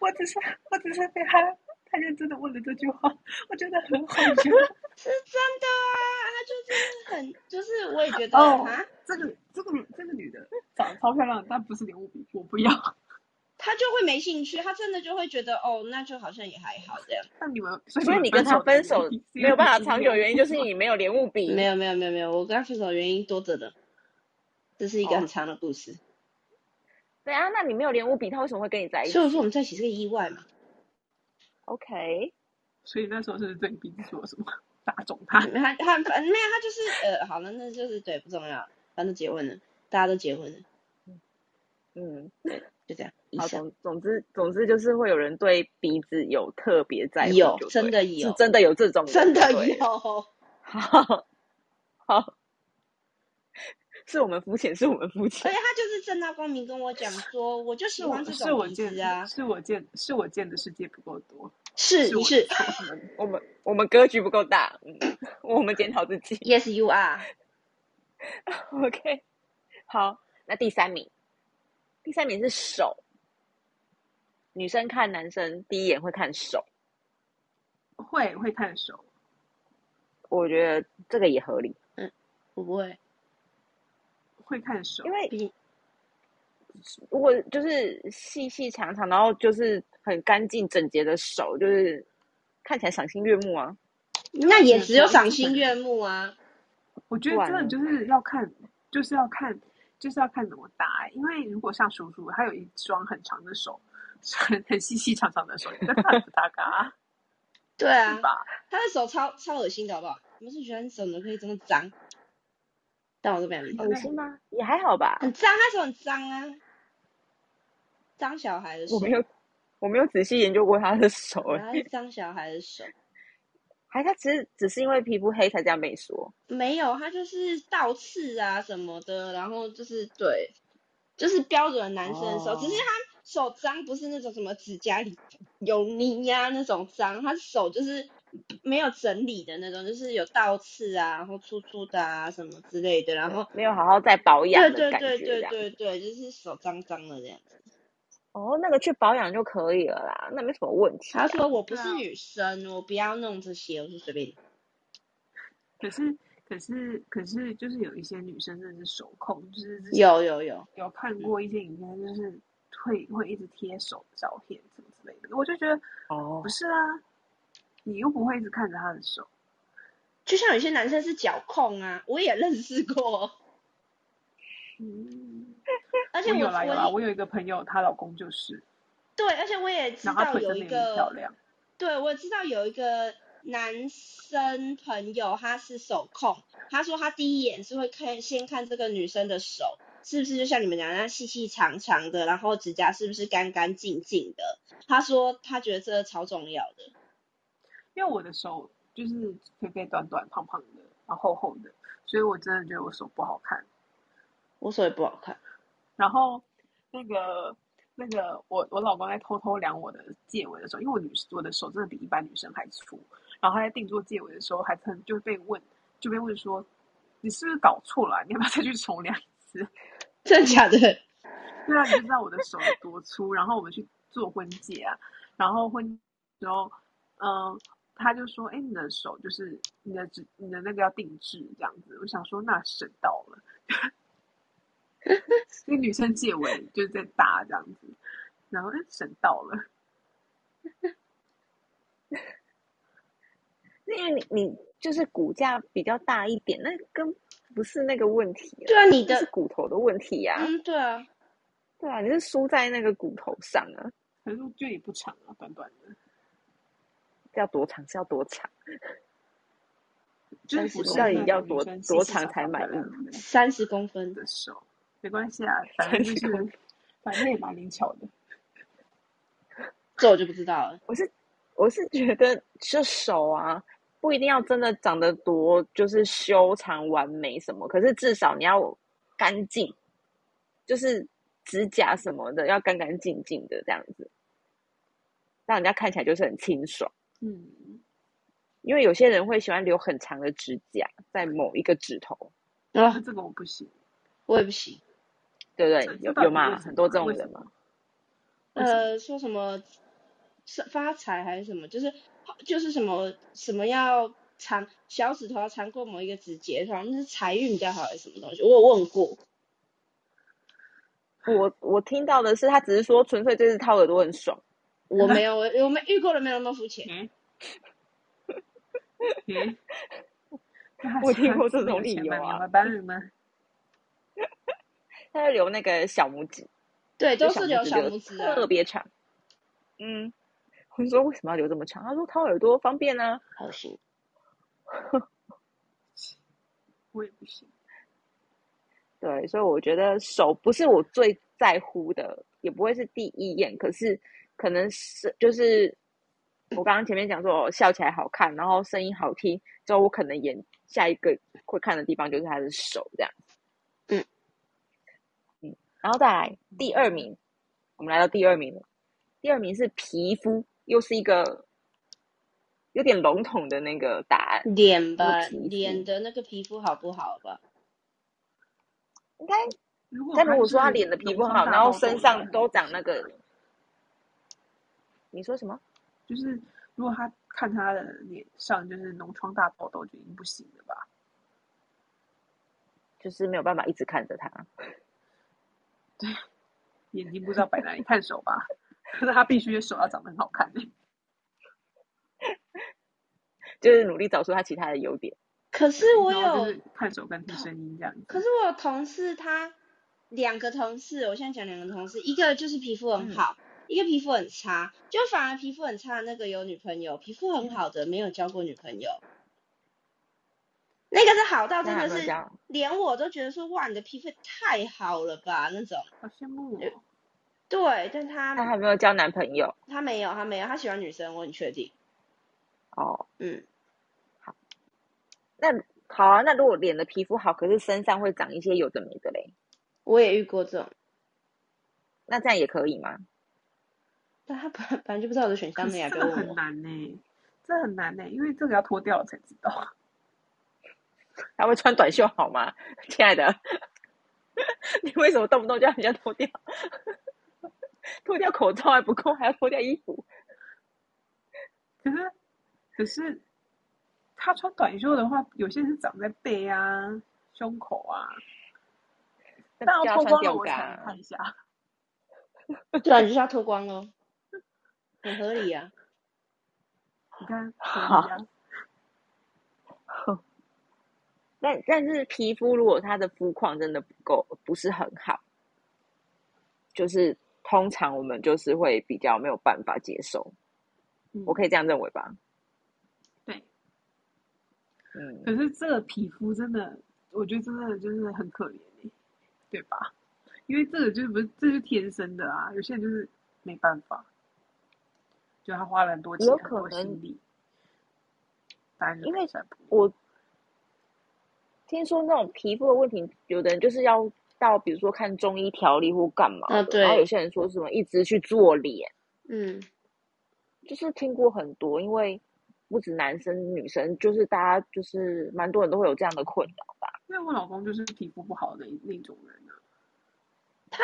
我只是，我只是被他，他認真的問了這句話，我覺得很好笑。 [LAUGHS] 是真的啊，他就真的很，就是我也覺得、哦、啊，這個這個這個女的長得超漂亮， [LAUGHS] 但不是蓮霧鼻，我不要。他就會沒興趣，他真的就會覺得哦，那就好像也還好這樣。那你們，所以你跟他分手，分手沒有辦法長久 [LAUGHS] 原因就是你沒有戀物癖。沒有沒有沒有沒有，我跟他分手原因多着的，這是一個很長的故事。Oh. 對啊，那你沒有戀物癖，他為什麼會跟你在一起？所以我說我們在一起是一個意外嘛。OK。所以那時候是對比說什麼打腫 [LAUGHS] 他？他他沒有，他就是呃，好了，那就是對，不重要，反正結婚了，大家都結婚了。嗯。對。 [LAUGHS] 就這樣。好，總，總之，總之就是會有人對鼻子有特別在意，有，真的有，是真的有這種，真的有。好，好，是我們膚淺，是我們膚淺。而且他就是正大光明跟我講說， [LAUGHS] 我就是喜歡這種鼻子啊。是我見是我見，是我見的世界不夠多。是，是， [LAUGHS] 我們我們格局不夠大， [LAUGHS] [LAUGHS] 我們檢討自己。Yes you are. OK，好，那第三名。第三名是手。女生看男生第一眼會看手，會會看手。我覺得這個也合理。嗯，我不會，會看手，因為如果就是細細長長，然後就是很乾淨整潔的手，就是看起來賞心悅目啊。那也只有賞心悅目啊。 [LAUGHS] 我覺得這就是要看，就是要看。就是要看怎麼搭、欸，因為如果像叔叔，他有一雙很長的手，很很細細長長的手，也跟胖子不搭嘎、啊。 [LAUGHS] 對啊，他的手超超噁心的，好不好？你們是覺得你怎麼可以這麼髒？但我這邊噁心嗎？也還好吧。很髒，他手很髒啊。髒小孩的手。我沒有，我沒有仔細研究過他的手、欸。髒 [LAUGHS] 小孩的手。還他只是只是因為皮膚黑才這樣被說，沒有他就是倒刺啊什麼的，然後就是對，就是標準的男生的手，oh. 只是他手髒，不是那種什麼指甲裡有泥呀、啊、那種髒，他手就是沒有整理的那種，就是有倒刺啊，然後粗粗的啊什麼之類的，然後沒有好好再保養，對，對對對對對對，就是手髒髒的這樣子。哦，那個去保養就可以了啦，那沒什麼問題。啊。他、啊、說我不是女生，我不要弄這些，我就隨便。可是，可是，可是，就是有一些女生真的是手控，就是有有有有看過一些影片，就是會有有有會，會一直貼手的照片什麼之類的，我就覺得哦，不是啊，你又不會一直看着他的手，就像有些男生是腳控啊，我也認識過，嗯。而且有啦有啦，我有一個朋友，她老公就是。對，而且我也知道有一個。對，我知道有一個男生朋友，他是手控。他說他第一眼是會看，先看這個女生的手是不是就像你們講那樣細細長長的，然後指甲是不是乾乾淨淨的。他說他覺得這個超重要的。因為我的手就是肥肥短短、胖胖的，然後厚厚的，所以我真的覺得我手不好看。我手也不好看。然後，那個那個，我我老公在偷偷量我的戒圍的時候，因為我女士我的手真的比一般女生還粗，然後在定做戒圍的時候，還曾就被問，就被問說，你是不是搞錯了啊？你要不要再去重量一次？真的假的？對啊，你知道我的手有多粗。然後我們去做婚戒，啊。然後婚時候，嗯，他就說，哎，你的手就是你的指你的那個要定制這樣子。我想說，那省到了。那 [LAUGHS] 女生借我，就在打這樣子，然後省到了 [LAUGHS] 那因為你你就是骨架比較大一點，那跟不是那個問題。對啊，你的是骨頭的問題呀、啊嗯。對啊。對啊，你是輸在那個骨頭上啊。可是這也不長啊，短短的。要多長？是要多長？三十，到、就、你、是、要多多長才滿意？三十公分的手。沒關係啊，反正就是，反正也蠻靈巧的。 [LAUGHS] 這我就不知道了。我是我是覺得，這手啊，不一定要真的長得多，就是修長完美什麼。可是至少你要乾淨，就是指甲什麼的要乾乾淨淨的這樣子，讓人家看起來就是很清爽。嗯，因為有些人會喜歡留很長的指甲，在某一個指頭。啊，這個我不行，我也不行。對對，啊、有有嘛？很多這種人嘛。呃，說什麼是發財還是什麼？就是就是什麼什麼要長小指頭要長過某一個指節，然後那是財運比較好還是什麼東西？我有問過。 [LAUGHS] 我我聽到的是，他只是說純粹就是掏耳朵很爽。我沒有，我我們遇過的沒有那麼膚淺。哈、嗯、哈 [LAUGHS] Okay. [LAUGHS] 我聽過這種理由啊，怎麼辦？他要留那個小拇指，對，都是留小拇指，特別長。嗯，我說為什麼要留這麼長？他說掏耳朵方便呢。還是，我也不行。對，所以我覺得手不是我最在乎的，也不會是第一眼。可是可能是就是我剛剛前面講說我笑起來好看，然後聲音好聽，之後我可能眼下一個會看的地方就是他的手這樣。然後再來第二名、嗯，我們來到第二名了。第二名是皮膚，又是一個有點籠統的那個答案。臉吧，皮，臉的那個皮膚好不好吧？應該，如但如果說他臉的皮膚好，然後身上都長那個，你說什麼？就是如果他看他的臉上就是膿瘡大痘痘，就已經不行了吧？就是沒有辦法一直看着他。對，眼睛不知道擺哪裡 [LAUGHS] 看手吧，可是他必須手要長得很好看， [LAUGHS] 就是努力找出他其他的優點。可是我有是看手跟聽聲音這樣子。可是我有同事他兩個同事，我現在講兩個同事，一個就是皮膚很好、嗯，一個皮膚很差，就反而皮膚很差的那個有女朋友，皮膚很好的沒有交過女朋友。那個是好到真的是，連我都覺得說哇，你的皮膚太好了吧那種。好羨慕哦。對，但他他還沒有交男朋友。他沒有，他沒有，他喜歡女生，我很確定。哦，嗯，好，那好啊，那如果臉的皮膚好，可是身上會長一些有的沒的嘞？我也遇過這種。那這樣也可以嗎？但他反正不知道我的選項。真的很難呢、欸，這很難呢、欸，因為這個要脫掉了才知道。他會穿短袖好嗎，親愛的？ [LAUGHS] 你為什麼動不動就要人家脫掉？脫 [LAUGHS] 掉口罩還不夠，還要脫掉衣服。可是，可是他穿短袖的話，有些是長在背啊、胸口啊。那要脫光我看一下。不知道你是要脫、啊、 [LAUGHS] [LAUGHS] 光嘍， [LAUGHS] 很合理呀、啊。你看，比較好。 [LAUGHS] 但但是皮膚如果它的膚況真的不夠，不是很好，就是通常我們就是會比較沒有辦法接受，嗯、我可以這樣認為吧？對，嗯。可是這個皮膚真的，我覺得真的就是很可憐、欸，對吧？因為這個就是不是這是天生的啊，有些人就是沒辦法，就他花了很多錢、有可能，很多心力，但是，因為我。聽說那種皮膚的問題，有的人就是要到，比如說看中醫調理或幹嘛的。啊、對。然後有些人說什麼一直去做臉。嗯，就是聽過很多，因為不止男生女生，就是大家就是蠻多人都會有這樣的困擾吧。因為我老公就是皮膚不好的那種人啊。他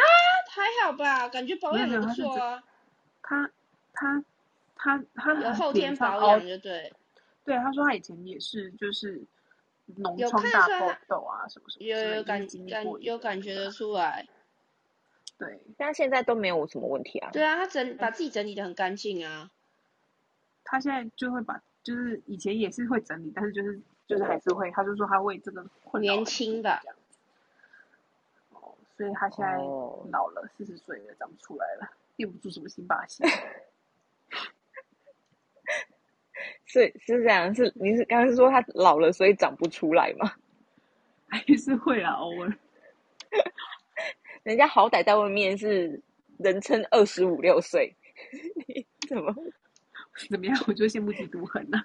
還好吧？感覺保養不錯、啊。他他他他，他後天保養就對。對，他說他以前也是，就是。有大啊，痘啊什麼什麼什麼什麼，什麼什麼，有有感感有感覺得出來，對，但現在都沒有什麼問題啊。對啊，他整把自己整理的很乾淨啊。他現在就會把，就是以前也是會整理，但是就是就是還是會，他就說他為這個年輕的，oh, 所以他現在老了四十歲了，長不出來了，變不出什麼新髮型。 [LAUGHS] 對，是這樣。是你是剛剛說他老了，所以長不出來嗎？還是會啊，歐文。人家好歹在外面是人稱二十五六歲，你怎麼怎麼樣？我就羨慕嫉妒恨了，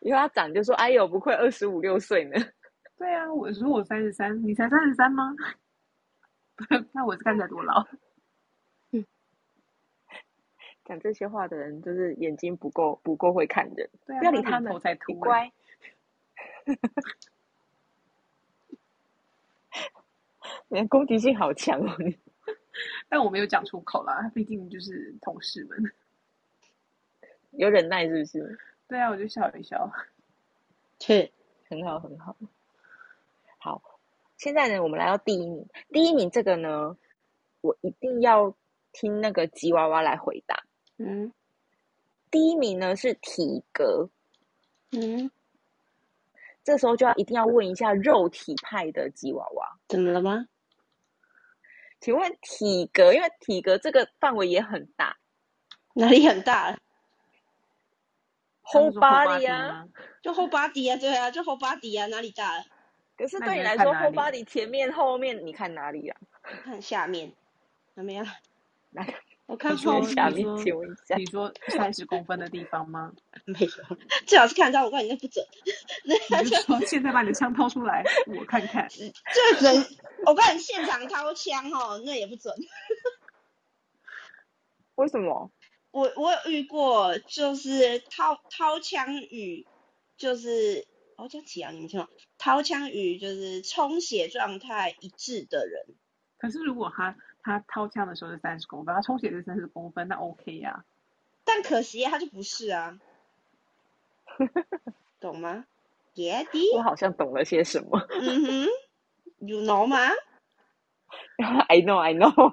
因為 [LAUGHS] 他長就說：“哎呦，不會二十五六歲呢。”對啊，我說我三十三，你才三十三嗎？ [LAUGHS] 那我是看起來多老。講這些話的人，就是眼睛不夠不夠會看人，對啊、不要理他們。你乖， [LAUGHS] 你的攻擊性好強哦你！但我沒有講出口啦，畢竟就是同事們，有忍耐是不是？對啊，我就笑一笑，是，很好很好，好。現在呢，我們來到第一名。第一名這個呢，我一定要聽那個吉娃娃來回答。嗯，第一名呢是體格。嗯，這時候就要一定要問一下肉體派的吉娃娃，怎麼了嗎？請問體格，因為體格這個範圍也很大，哪裡很大？Whole body 啊，就 whole body 啊，對啊，就 whole body 啊，哪裡大了？可是對你來說 whole body 前面後面，你看哪裡啊？看下面，怎麼樣？來。 [LAUGHS] 我看看，請問一下，你說你說三十公分的地方嗎？ [LAUGHS] 沒有，最好是看到，我你那不準。那就就現在把你的槍掏出來， [LAUGHS] 我看看。這人，我感覺你現場掏槍哦，那也不準。 [LAUGHS] 為什麼？我我有遇過，就是掏掏槍與就是我叫起啊，你們聽嗎？掏槍與就是充血狀態一致的人。可是如果他。他掏槍的時候是三十公分，他充血是三十公分，那 OK 呀、啊。但可惜他就不是啊， [LAUGHS] 懂嗎？弟、yeah, 弟，我好像懂了些什麼。嗯 [LAUGHS] 哼、mm -hmm.，You know 嗎？I know, I know。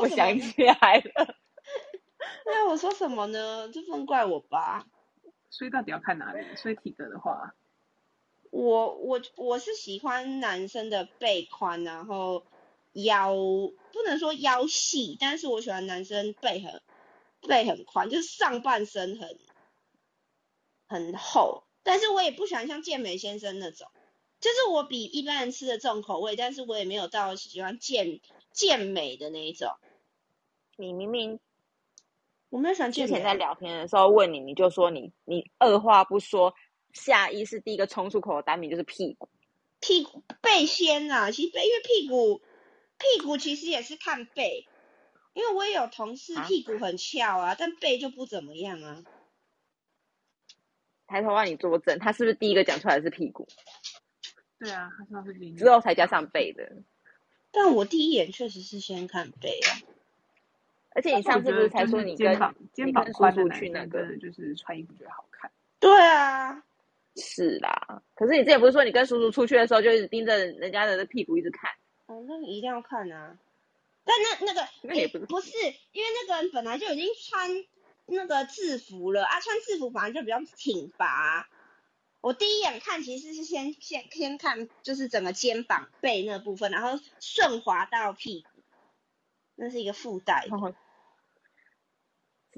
我想起來了。那我說什麼呢？這 [LAUGHS] 不能 [LAUGHS] 怪我吧。所以到底要看哪裡？所以體格的話，我我我是喜歡男生的背寬，然後。腰不能說腰細，但是我喜歡男生背很背很寬，就是上半身很很厚。但是我也不喜歡像健美先生那種，就是我比一般人吃的重口味，但是我也沒有到喜歡健健美的那一種。你明明，我沒有想見之前在聊天的時候問你，你就說你你二話不說，下意識第一個衝出口的單品就是屁股，屁股背先啊，其實背因為屁股。屁股其實也是看背，因為我也有同事屁股很翹啊，啊但背就不怎麼樣啊。抬頭讓你作證，他是不是第一個講出來是屁股？對啊，他講是屁股之後才加上背的。但我第一眼確實是先看背啊，而且你上次不是才說你跟、啊、肩膀寬去那個，就是穿衣服覺得好看？對啊，是啦。可是你之前不是說你跟叔叔出去的時候，就一直盯着人，人家的屁股一直看？哦，那你一定要看啊！但那那個、欸、那也不是，不是，因為那個人本來就已經穿那個制服了啊，穿制服反而就比較挺拔啊。我第一眼看其實是先先先看就是整個肩膀背那部分，然後順滑到屁股，那是一個附帶，是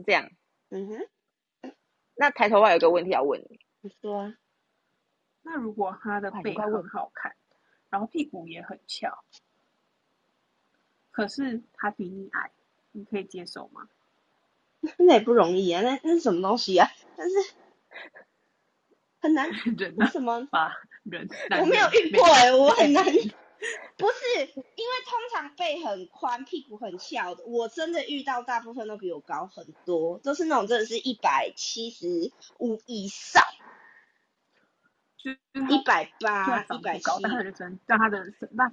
這樣。嗯哼。那抬頭外有個問題要問你。你說、啊。那如果他的背很好看，然後屁股也很翹，可是他比你矮，你可以接受嗎？那也不容易啊，那那是什麼東西啊？但是很難忍，啊、什麼？忍？我沒有遇過誒、欸、我很難。 [LAUGHS] 不是，因為通常背很寬、屁股很翹的，我真的遇到大部分都比我高很多，都是那種真的是一百七十五以上。一百八，一百七，但他的那，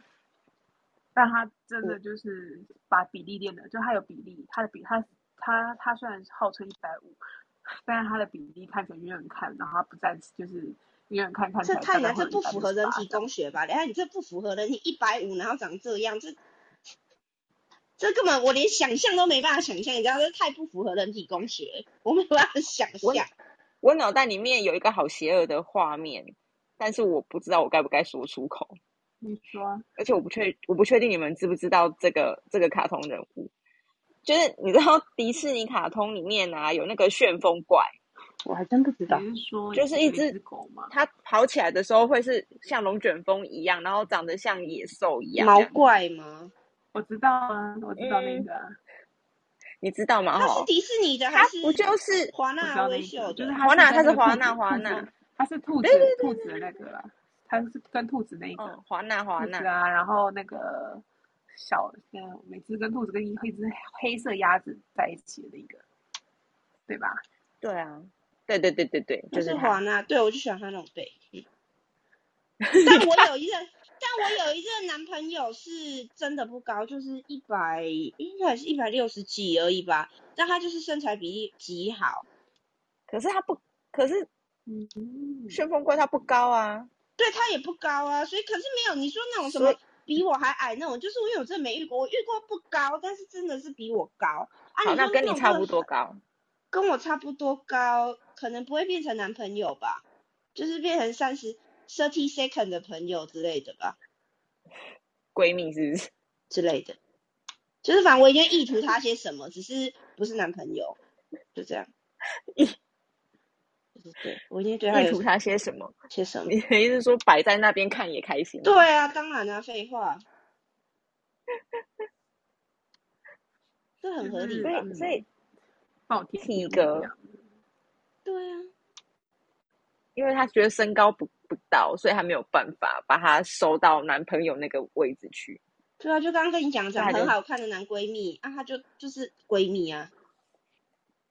但他真的就是把比例練的，就他有比例，他的比他他他雖然號稱一百五，但是他的比例看起來遠遠看，然後他不再，就是遠遠看看起來，這太難 18, 這不符合人體工學吧？你看你這不符合人體一百五，150, 然後長這樣，這這根本我連想象都沒辦法想象，你知道這太不符合人體工學，我沒有辦法想象。我腦袋裡面有一個好邪惡的畫面，但是我不知道我該不該說出口。你說，而且我不確，我不確定你們知不知道這個這個卡通人物，就是你知道迪士尼卡通裡面啊有那個旋風怪，我還真不知道。說，就是一只有有狗嗎？它跑起來的時候會是像龍捲風一樣，然後長得像野獸一樣，這樣。毛怪嗎？我知道啊，我知道那個。嗯你知道嗎？哦，它是迪士尼的？還是它不就是華納威秀？就是華納。它是華納華納。它是兔子對對對對，兔子的那個他是跟兔子那個華納華納啊，然後那個小嗯，每次跟兔子跟一一隻黑色鴨子在一起的一、那個，對吧？對啊，對對對對對，就是華納，就是，對我就喜歡他那種對。但我有一個。但我有一個男朋友是真的不高，就是一百應該是一百六十幾而已吧。但他就是身材比例極好，可是他不可是，嗯，旋風怪他不高啊，對他也不高啊，所以可是沒有你說那種什麼比我還矮那種，就是我有這沒遇過，我遇過不高，但是真的是比我高啊，那跟你差不多高，跟我差不多高，可能不會變成男朋友吧，就是變成三十。30 seconds 的朋友之類的吧，閨蜜是不是，之類的，就是反正我已經意圖他些什麼， [LAUGHS] 只是不是男朋友，就這樣。 [LAUGHS] 對，我已經對他意圖他些什麼，些什麼？你的意思說擺在那邊看也開心，啊？對啊，當然啊，廢話， [LAUGHS] 這很合理吧 [LAUGHS] 所以。所以，哦，提醒一個。 [LAUGHS] 對啊，因為他覺得身高不高。不到，所以她沒有辦法把她收到男朋友那個位置去。對啊，就剛剛跟你講的很好看的男閨蜜他啊，她就就是閨蜜啊。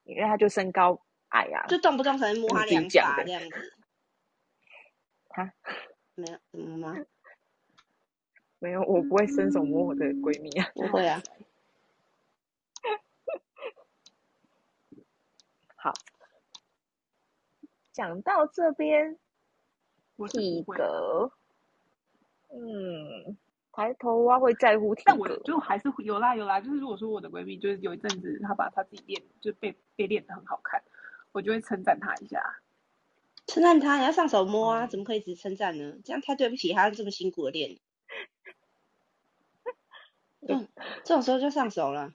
因為她就身高矮啊，就動不動才能摸她兩下這樣子。哈，沒有，怎麼嗎？沒有，我不會伸手摸我的閨蜜啊。嗯、不會啊。 [LAUGHS] 好，講到這邊。體格，嗯，抬頭啊，會在乎但我，就還是會有啦有啦。就是如果說我的閨蜜，就是有一陣子她把她自己練，就被被練得很好看，我就會稱讚她一下。稱讚她，你要上手摸啊，嗯、怎麼可以只稱讚呢？這樣太對不起她這麼辛苦的練。這、 [LAUGHS] 嗯、這種時候就上手了，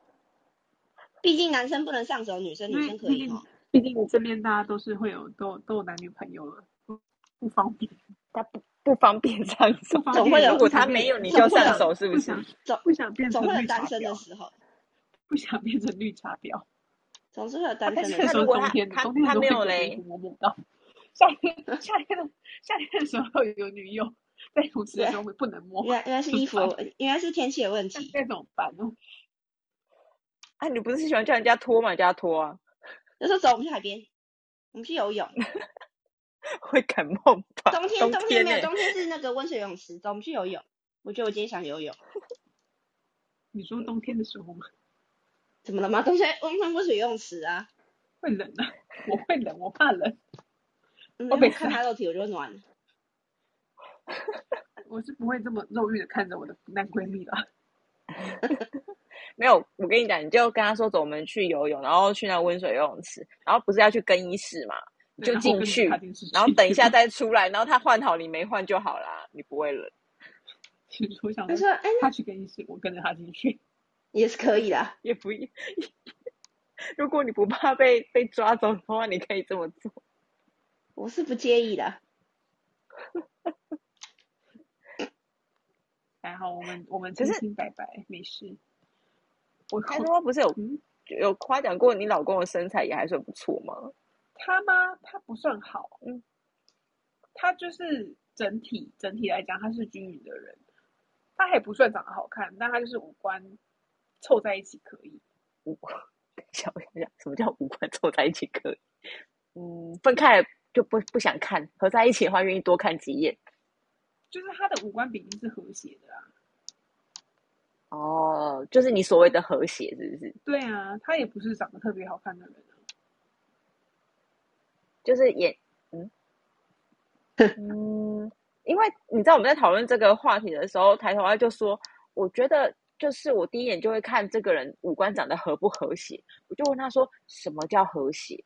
畢竟男生不能上手，女生女生可以嗎？畢竟身邊大家都是會有都有都有男女朋友了。不方便，他不不方便上手，總會有。如果他沒有，你就上手，是不是？不總不想變成總是有單身的時候，不想變成綠茶婊。總、啊、是有單身的時候，冬天冬天他，他沒有嘞，夏天夏天的夏天的時候有女友，在冬天的時候會不能摸。原原來是衣服，應該是天氣的問題。該怎麼辦呢？哎，你不是喜歡叫人家脫嗎？叫人家脫啊！有時候走，我們去海邊，我們去游泳。 [LAUGHS] [LAUGHS] 會感冒吧？冬天冬天沒有，冬天、欸、冬天是那個溫水游泳池。走，我們去游泳。我覺得我今天想游泳。你說冬天的時候嗎？怎麼了嗎？冬天溫溫水游泳池啊，會冷的、啊。我會冷，我怕冷。我每次看他肉體我，我就暖。 [LAUGHS] 我是不會這麼肉慾的看着我的男閨蜜的。 [LAUGHS] [LAUGHS] 沒有，我跟你講，你就跟他說，走，我們去游泳，然後去那溫水游泳池，然後不是要去更衣室嗎？就進去，去，然後等一下再出來，然後他換好，你沒換就好啦，你不會冷。其實我想說：“哎，他去更衣室，我跟着他進去，也是可以的，也不一。如果你不怕被被抓走的話，你可以這麼做。”我是不介意的。 [LAUGHS] [LAUGHS] 還好，我們我們清清白白，沒事。我開頭不是有、嗯、有誇獎過你老公的身材也還算不錯嗎？他嗎？他不算好，嗯，他就是整體整體來講，他是均勻的人，他還不算長得好看，但他就是五官湊在一起可以。五官？等一下，我想想，什麼叫五官湊在一起可以？嗯，分開就不不想看，合在一起的話，願意多看幾眼。就是他的五官比例是和諧的啊。哦，就是你所謂的和諧，是不是？對啊，他也不是長得特別好看的人。就是也，嗯 [LAUGHS] 嗯，因為你知道我們在討論這個話題的時候，抬頭啊就說，我覺得就是我第一眼就會看這個人五官長得和不和諧。我就問他說，什麼叫和諧？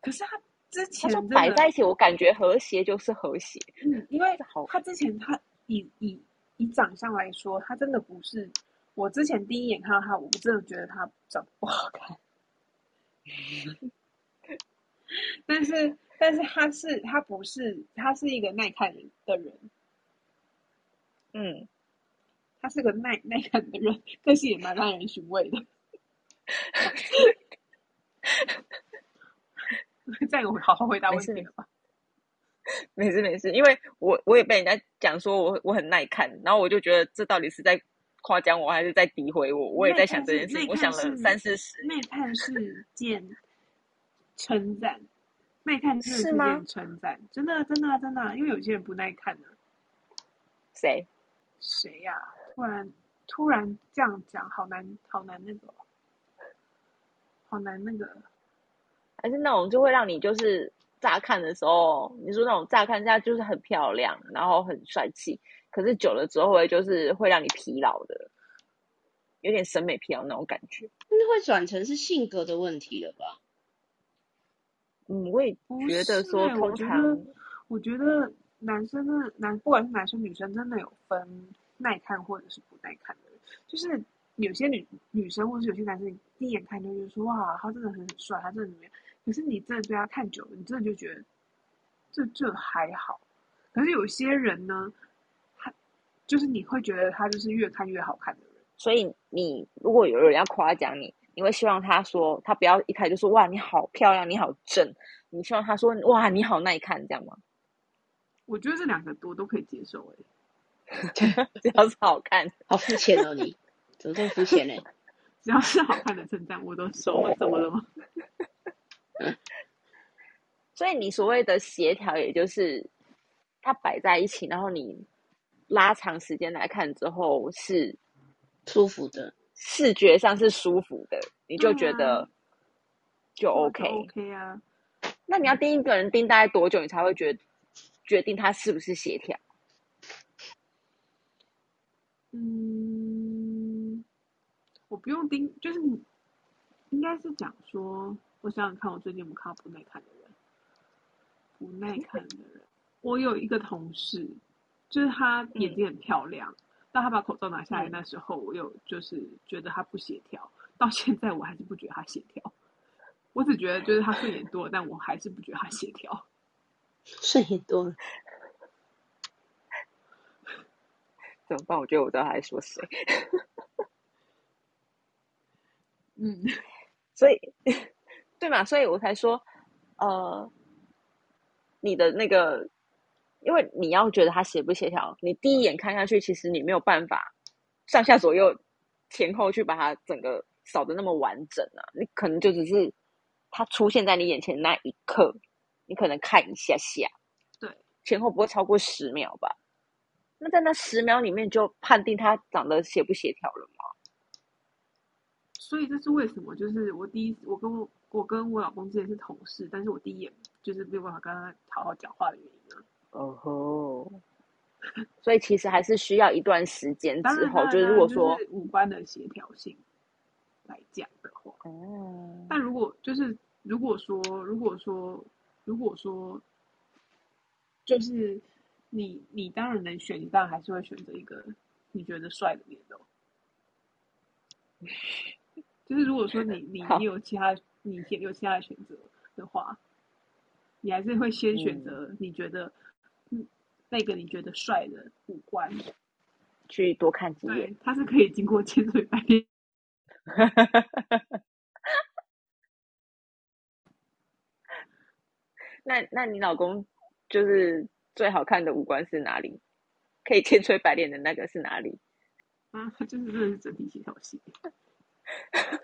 可是他之前他說擺在一起，我感覺和諧就是和諧、嗯。因為他之前他以以以長相來說，他真的不是。我之前第一眼看到他，我真的覺得他長得不好看。 [LAUGHS] 但是，但是他是他不是他是一個耐看的人，嗯，他是個耐耐看的人，但是也蠻耐人尋味的。 [LAUGHS] 再我好好回答我。沒事沒事，因為我我也被人家講說我我很耐看，然後我就覺得這到底是在誇獎我還是在詆毀我？我也在想這件事，事我想了三四十。耐看事件。稱讚，賣看是，是嗎？稱讚，真的真的真的，因為有些人不耐看的。誰？誰呀、啊？突然突然這樣講，好難好難那個，好難那個。還是那種就會讓你就是乍看的時候，你說那種乍看下就是很漂亮，然後很帥氣，可是久了之後會就是會讓你疲勞的，有點審美疲勞那種感覺。那會轉成是性格的問題了吧？嗯，我也覺得說我覺得，我覺得男生真的男，不管是男生女生，真的有分耐看或者是不耐看的。就是有些女女生，或是有些男生，第一眼看就是說哇，他真的很帥，他真的怎麼樣？可是你真的對他看久了，你真的就覺得這這還好。可是有些人呢，他就是你會覺得他就是越看越好看的人。所以你如果有人要誇獎你。你會希望他說他不要一開始就說，哇，你好漂亮，你好正，你希望他說，哇，你好耐看這樣嗎？我覺得這兩個多都可以接受哎、欸， [LAUGHS] 只要是好看， [LAUGHS] 好膚淺哦，你，怎麼這麼膚淺嘞？只要是好看的稱讚我都收，怎、 [LAUGHS] 哦、麼了嗎？ [LAUGHS] [LAUGHS] 所以你所謂的協調，也就是它擺在一起，然後你拉長時間來看之後是舒服的。視覺上是舒服的，你就覺得就 OK 啊，就 OK 啊。那你要盯一個人盯大概多久，你才會覺得決定他是不是協調？嗯，我不用盯，就是你應該是講說，我想想看，我最近有沒有看不耐看的人，不耐看的人。我有一個同事，就是她眼睛很漂亮。嗯那他把口罩拿下來那時候，嗯、我又就是覺得他不協調。到現在我還是不覺得他協調，我只覺得就是他順眼多， [COUGHS] 但我還是不覺得他協調。順眼多了，怎麼辦？我覺得我都在說了。 [LAUGHS] 嗯，所以對吧？所以我才說，呃，你的那個。因為你要覺得它協不協調，你第一眼看下去，其實你沒有辦法上下左右前後去把它整個掃得那麼完整啊。你可能就只是它出現在你眼前那一刻，你可能看一下下，對，前後不會超過十秒吧？那在那十秒裡面就判定它長得協不協調了嗎？所以這是為什麼，就是我第一，我跟我我跟我老公之前是同事，但是我第一眼就是沒有辦法跟他好好講話的原因啊。哦吼，所以其實還是需要一段時間之後，當然當然就是如果說五官的協調性來講的話，哦、oh.，但如果就是如果說，如果說，如果說，就是你你當然能選，你當然還是會選擇一個你覺得帥的面容。 [LAUGHS] 就是如果說你你有其他你有其他的選擇的話，你還是會先選擇你覺得。嗯那個你覺得帥的五官，去多看幾眼，他是可以經過千錘百煉。 [LAUGHS] [LAUGHS] 那，那你老公就是最好看的五官是哪裡？可以千錘百煉的那個是哪裡？啊，就是這是整體協調性。 [LAUGHS]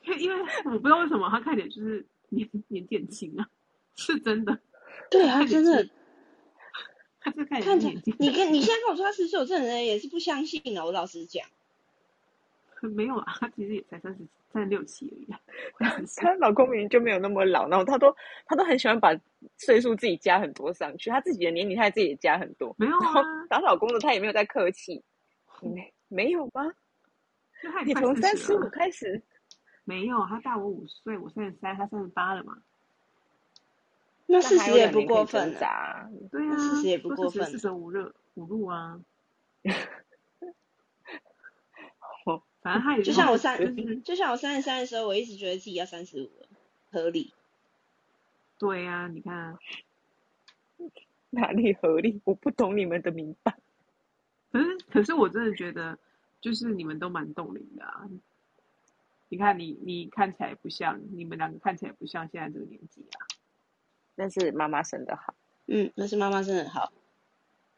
[LAUGHS] 因為我不知道為什麼他看起來就是年年年輕啊，是真的。對啊，就是。看起看着 [LAUGHS] 你跟你現在跟我說他四十歲有證人，也是不相信的、啊。我老實講，沒有啊，他其實也才三十、三十六七而已。他，他老公明明就沒有那麼老，然後他都他都很喜歡把歲數自己加很多上去，他自己的年齡他也自己也加很多。沒有啊，打老公的他也沒有在客氣， [COUGHS] 沒沒有嗎？你從三十五開始？沒有，他大我五歲，我三十三，他三十八了嘛。那四十也不過分咋？對呀四十也不過分，四捨五入五入啊。哦，啊、 [LAUGHS] [LAUGHS] 反正他也就像我三，就像我三十三的時候，我一直覺得自己要三十五了，合理。對啊，你看，哪裡合理？我不懂你們的明白。可是，可是我真的覺得，就是你們都蠻凍齡的啊！你看，你你看起來不像，你們兩個看起來不像現在這個年紀啊。但是媽媽生的好，嗯，那是媽媽生的好，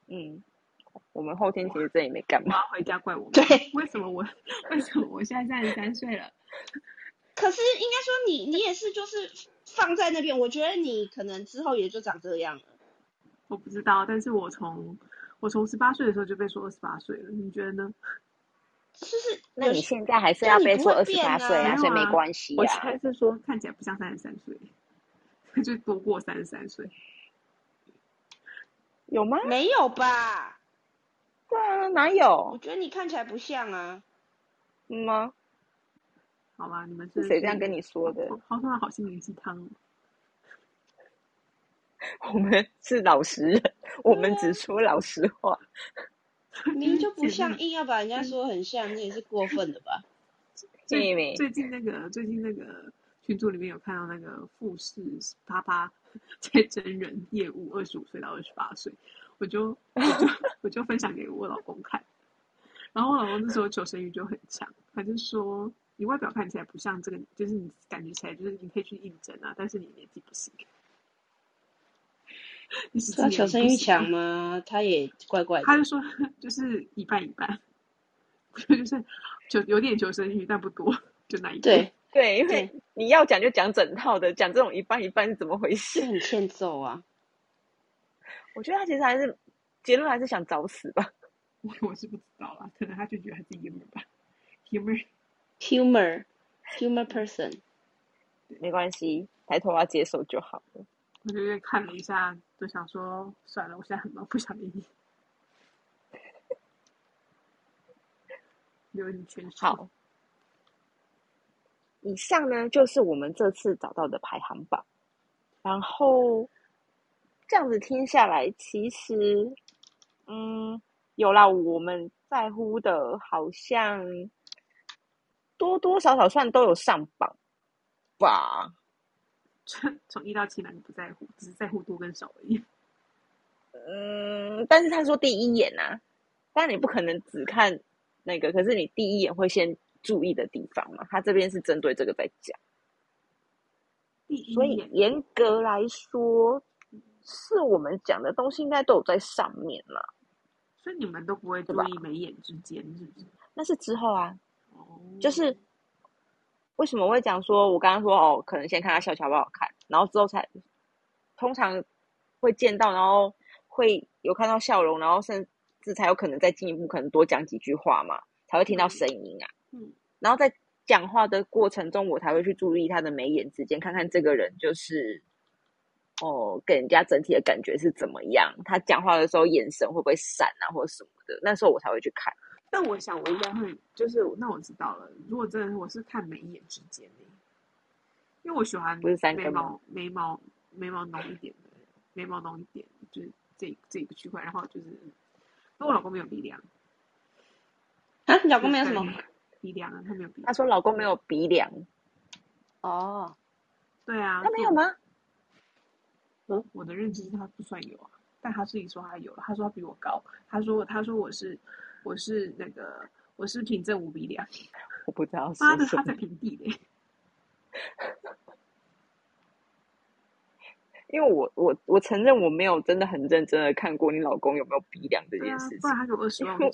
嗯，我們後天其實這也沒幹嘛。媽媽回家怪我，對，為什麼我為什麼我現在三十三歲了？ [LAUGHS] 可是應該說你你也是就是放在那邊，我覺得你可能之後也就長這樣了。我不知道，但是我從我從十八歲的時候就被說二十八歲了，你覺得呢？就是那你現在還是要被說二十八歲，沒有、啊、沒關係、啊，我還是說看起來不像三十三歲。就多過三十三歲，有嗎？沒有吧？對啊，哪有？我覺得你看起來不像啊，嗯嗎？好吧，你們是誰這樣跟你說的？好像好，好，好心靈雞湯！ [LAUGHS] 我們是老實人、啊，我們只說老實話。 [LAUGHS] 你就不像，硬要把人家說很像，那也是過分的吧？ [LAUGHS] 最近最近那個，最近那個。群組裡面有看到那個富士啪啪在真人業務，二十五歲到二十八歲，我就我就我就分享給我老公看，然後我老公那時候求生欲就很強，他就說你外表看起來不像這個，就是你感覺起來就是你可以去應徵啊，但是你年紀不行。你不他求生欲強嗎？他也怪怪，他就說就是一半一半，就就是就有點求生欲，但不多，就那一個對對，因為你要講就講整套的，講這種一半一半是怎麼回事，很欠揍啊！我覺得他其實還是，結論還是想找死吧。我我是不知道啦、啊，可能他就覺得他是幽默吧，humor，humor，humor Humor, Humor person、嗯。沒關係，抬頭啊，接受就好了。我就是看了一下，就想說算了，我現在很忙，不想理你。留你全套。以上呢，就是我們這次找到的排行榜。然後這樣子聽下來，其實，嗯，有啦，我們在乎的，好像多多少少算都有上榜吧。從從一到七你不在乎，只是在乎多跟少而已。嗯，但是他說第一眼呢、啊，但你不可能只看那個，可是你第一眼會先注意的地方嘛，他這邊是針對這個在講，所以嚴格來說，是我們講的東西應該都有在上面了，所以你們都不會注意眉眼之間是不是？那是那是之後啊、哦，就是為什麼我會講說，我剛剛說哦，可能先看他笑起來好不好看，然後之後才通常會見到，然後會有看到笑容，然後甚至才有可能再進一步，可能多講幾句話嘛，才會聽到聲音啊。嗯嗯，然後在講話的過程中，我才會去注意他的眉眼之間，看看這個人就是，哦，給人家整體的感覺是怎麼樣。他講話的時候眼神會不會閃啊，或者什麼的？那時候我才會去看。但我想我，我應該會就是，那我知道了。如果真的我是看眉眼之間、欸、因為我喜歡不是三毛眉毛眉毛眉毛濃一點的，眉毛濃一點就是這這一個區塊。然後就是，那我老公沒有鼻樑。啊？你老公沒有什麼？鼻梁啊，他沒有鼻梁啊。他說老公沒有鼻梁。哦，對啊，他沒有嗎？嗯，我的認知是他不算有啊，但他自己說他有。他說他比我高。他說他說我是我是那個我是平正無鼻梁。我不知道。是他在平地嘞。 [LAUGHS] 因為我我我承認我沒有真的很認真的看過你老公有沒有鼻梁這件事情。啊，他有二十萬五。 [LAUGHS]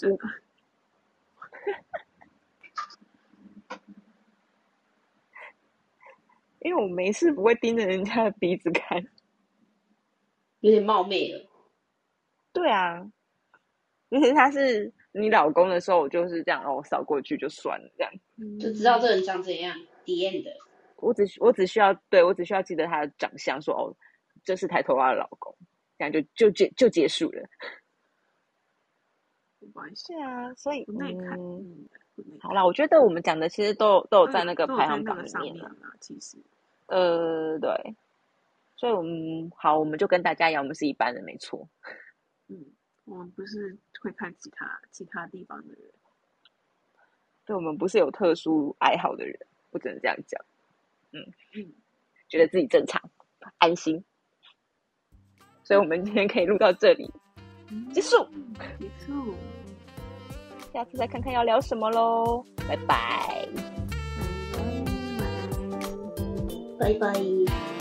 因為我沒事不會盯着人家的鼻子看，有點冒昧了。對啊，因、嗯、為他是你老公的時候，我就是這樣，我、哦、掃過去就算了，這樣就知道這人長怎樣，底、嗯、的。我只我只需要，對我只需要記得他的長相說，說哦，這是抬頭發的老公，這樣就就結就結束了。沒事啊，所以那你看。嗯好啦，我覺得我們講的其實都有都有在那個排行榜上面，啊其實。呃，對，所以我們好，我們就跟大家一樣，我們是一般的，沒錯。嗯，我們不是會看其他其他地方的人。對，我們不是有特殊愛好的人，不只能這樣講、嗯。嗯，覺得自己正常，安心。所以，我們今天可以錄到這裡、嗯，結束，結束。下次再看看要聊什麼嘍，拜拜，拜拜。拜拜拜拜。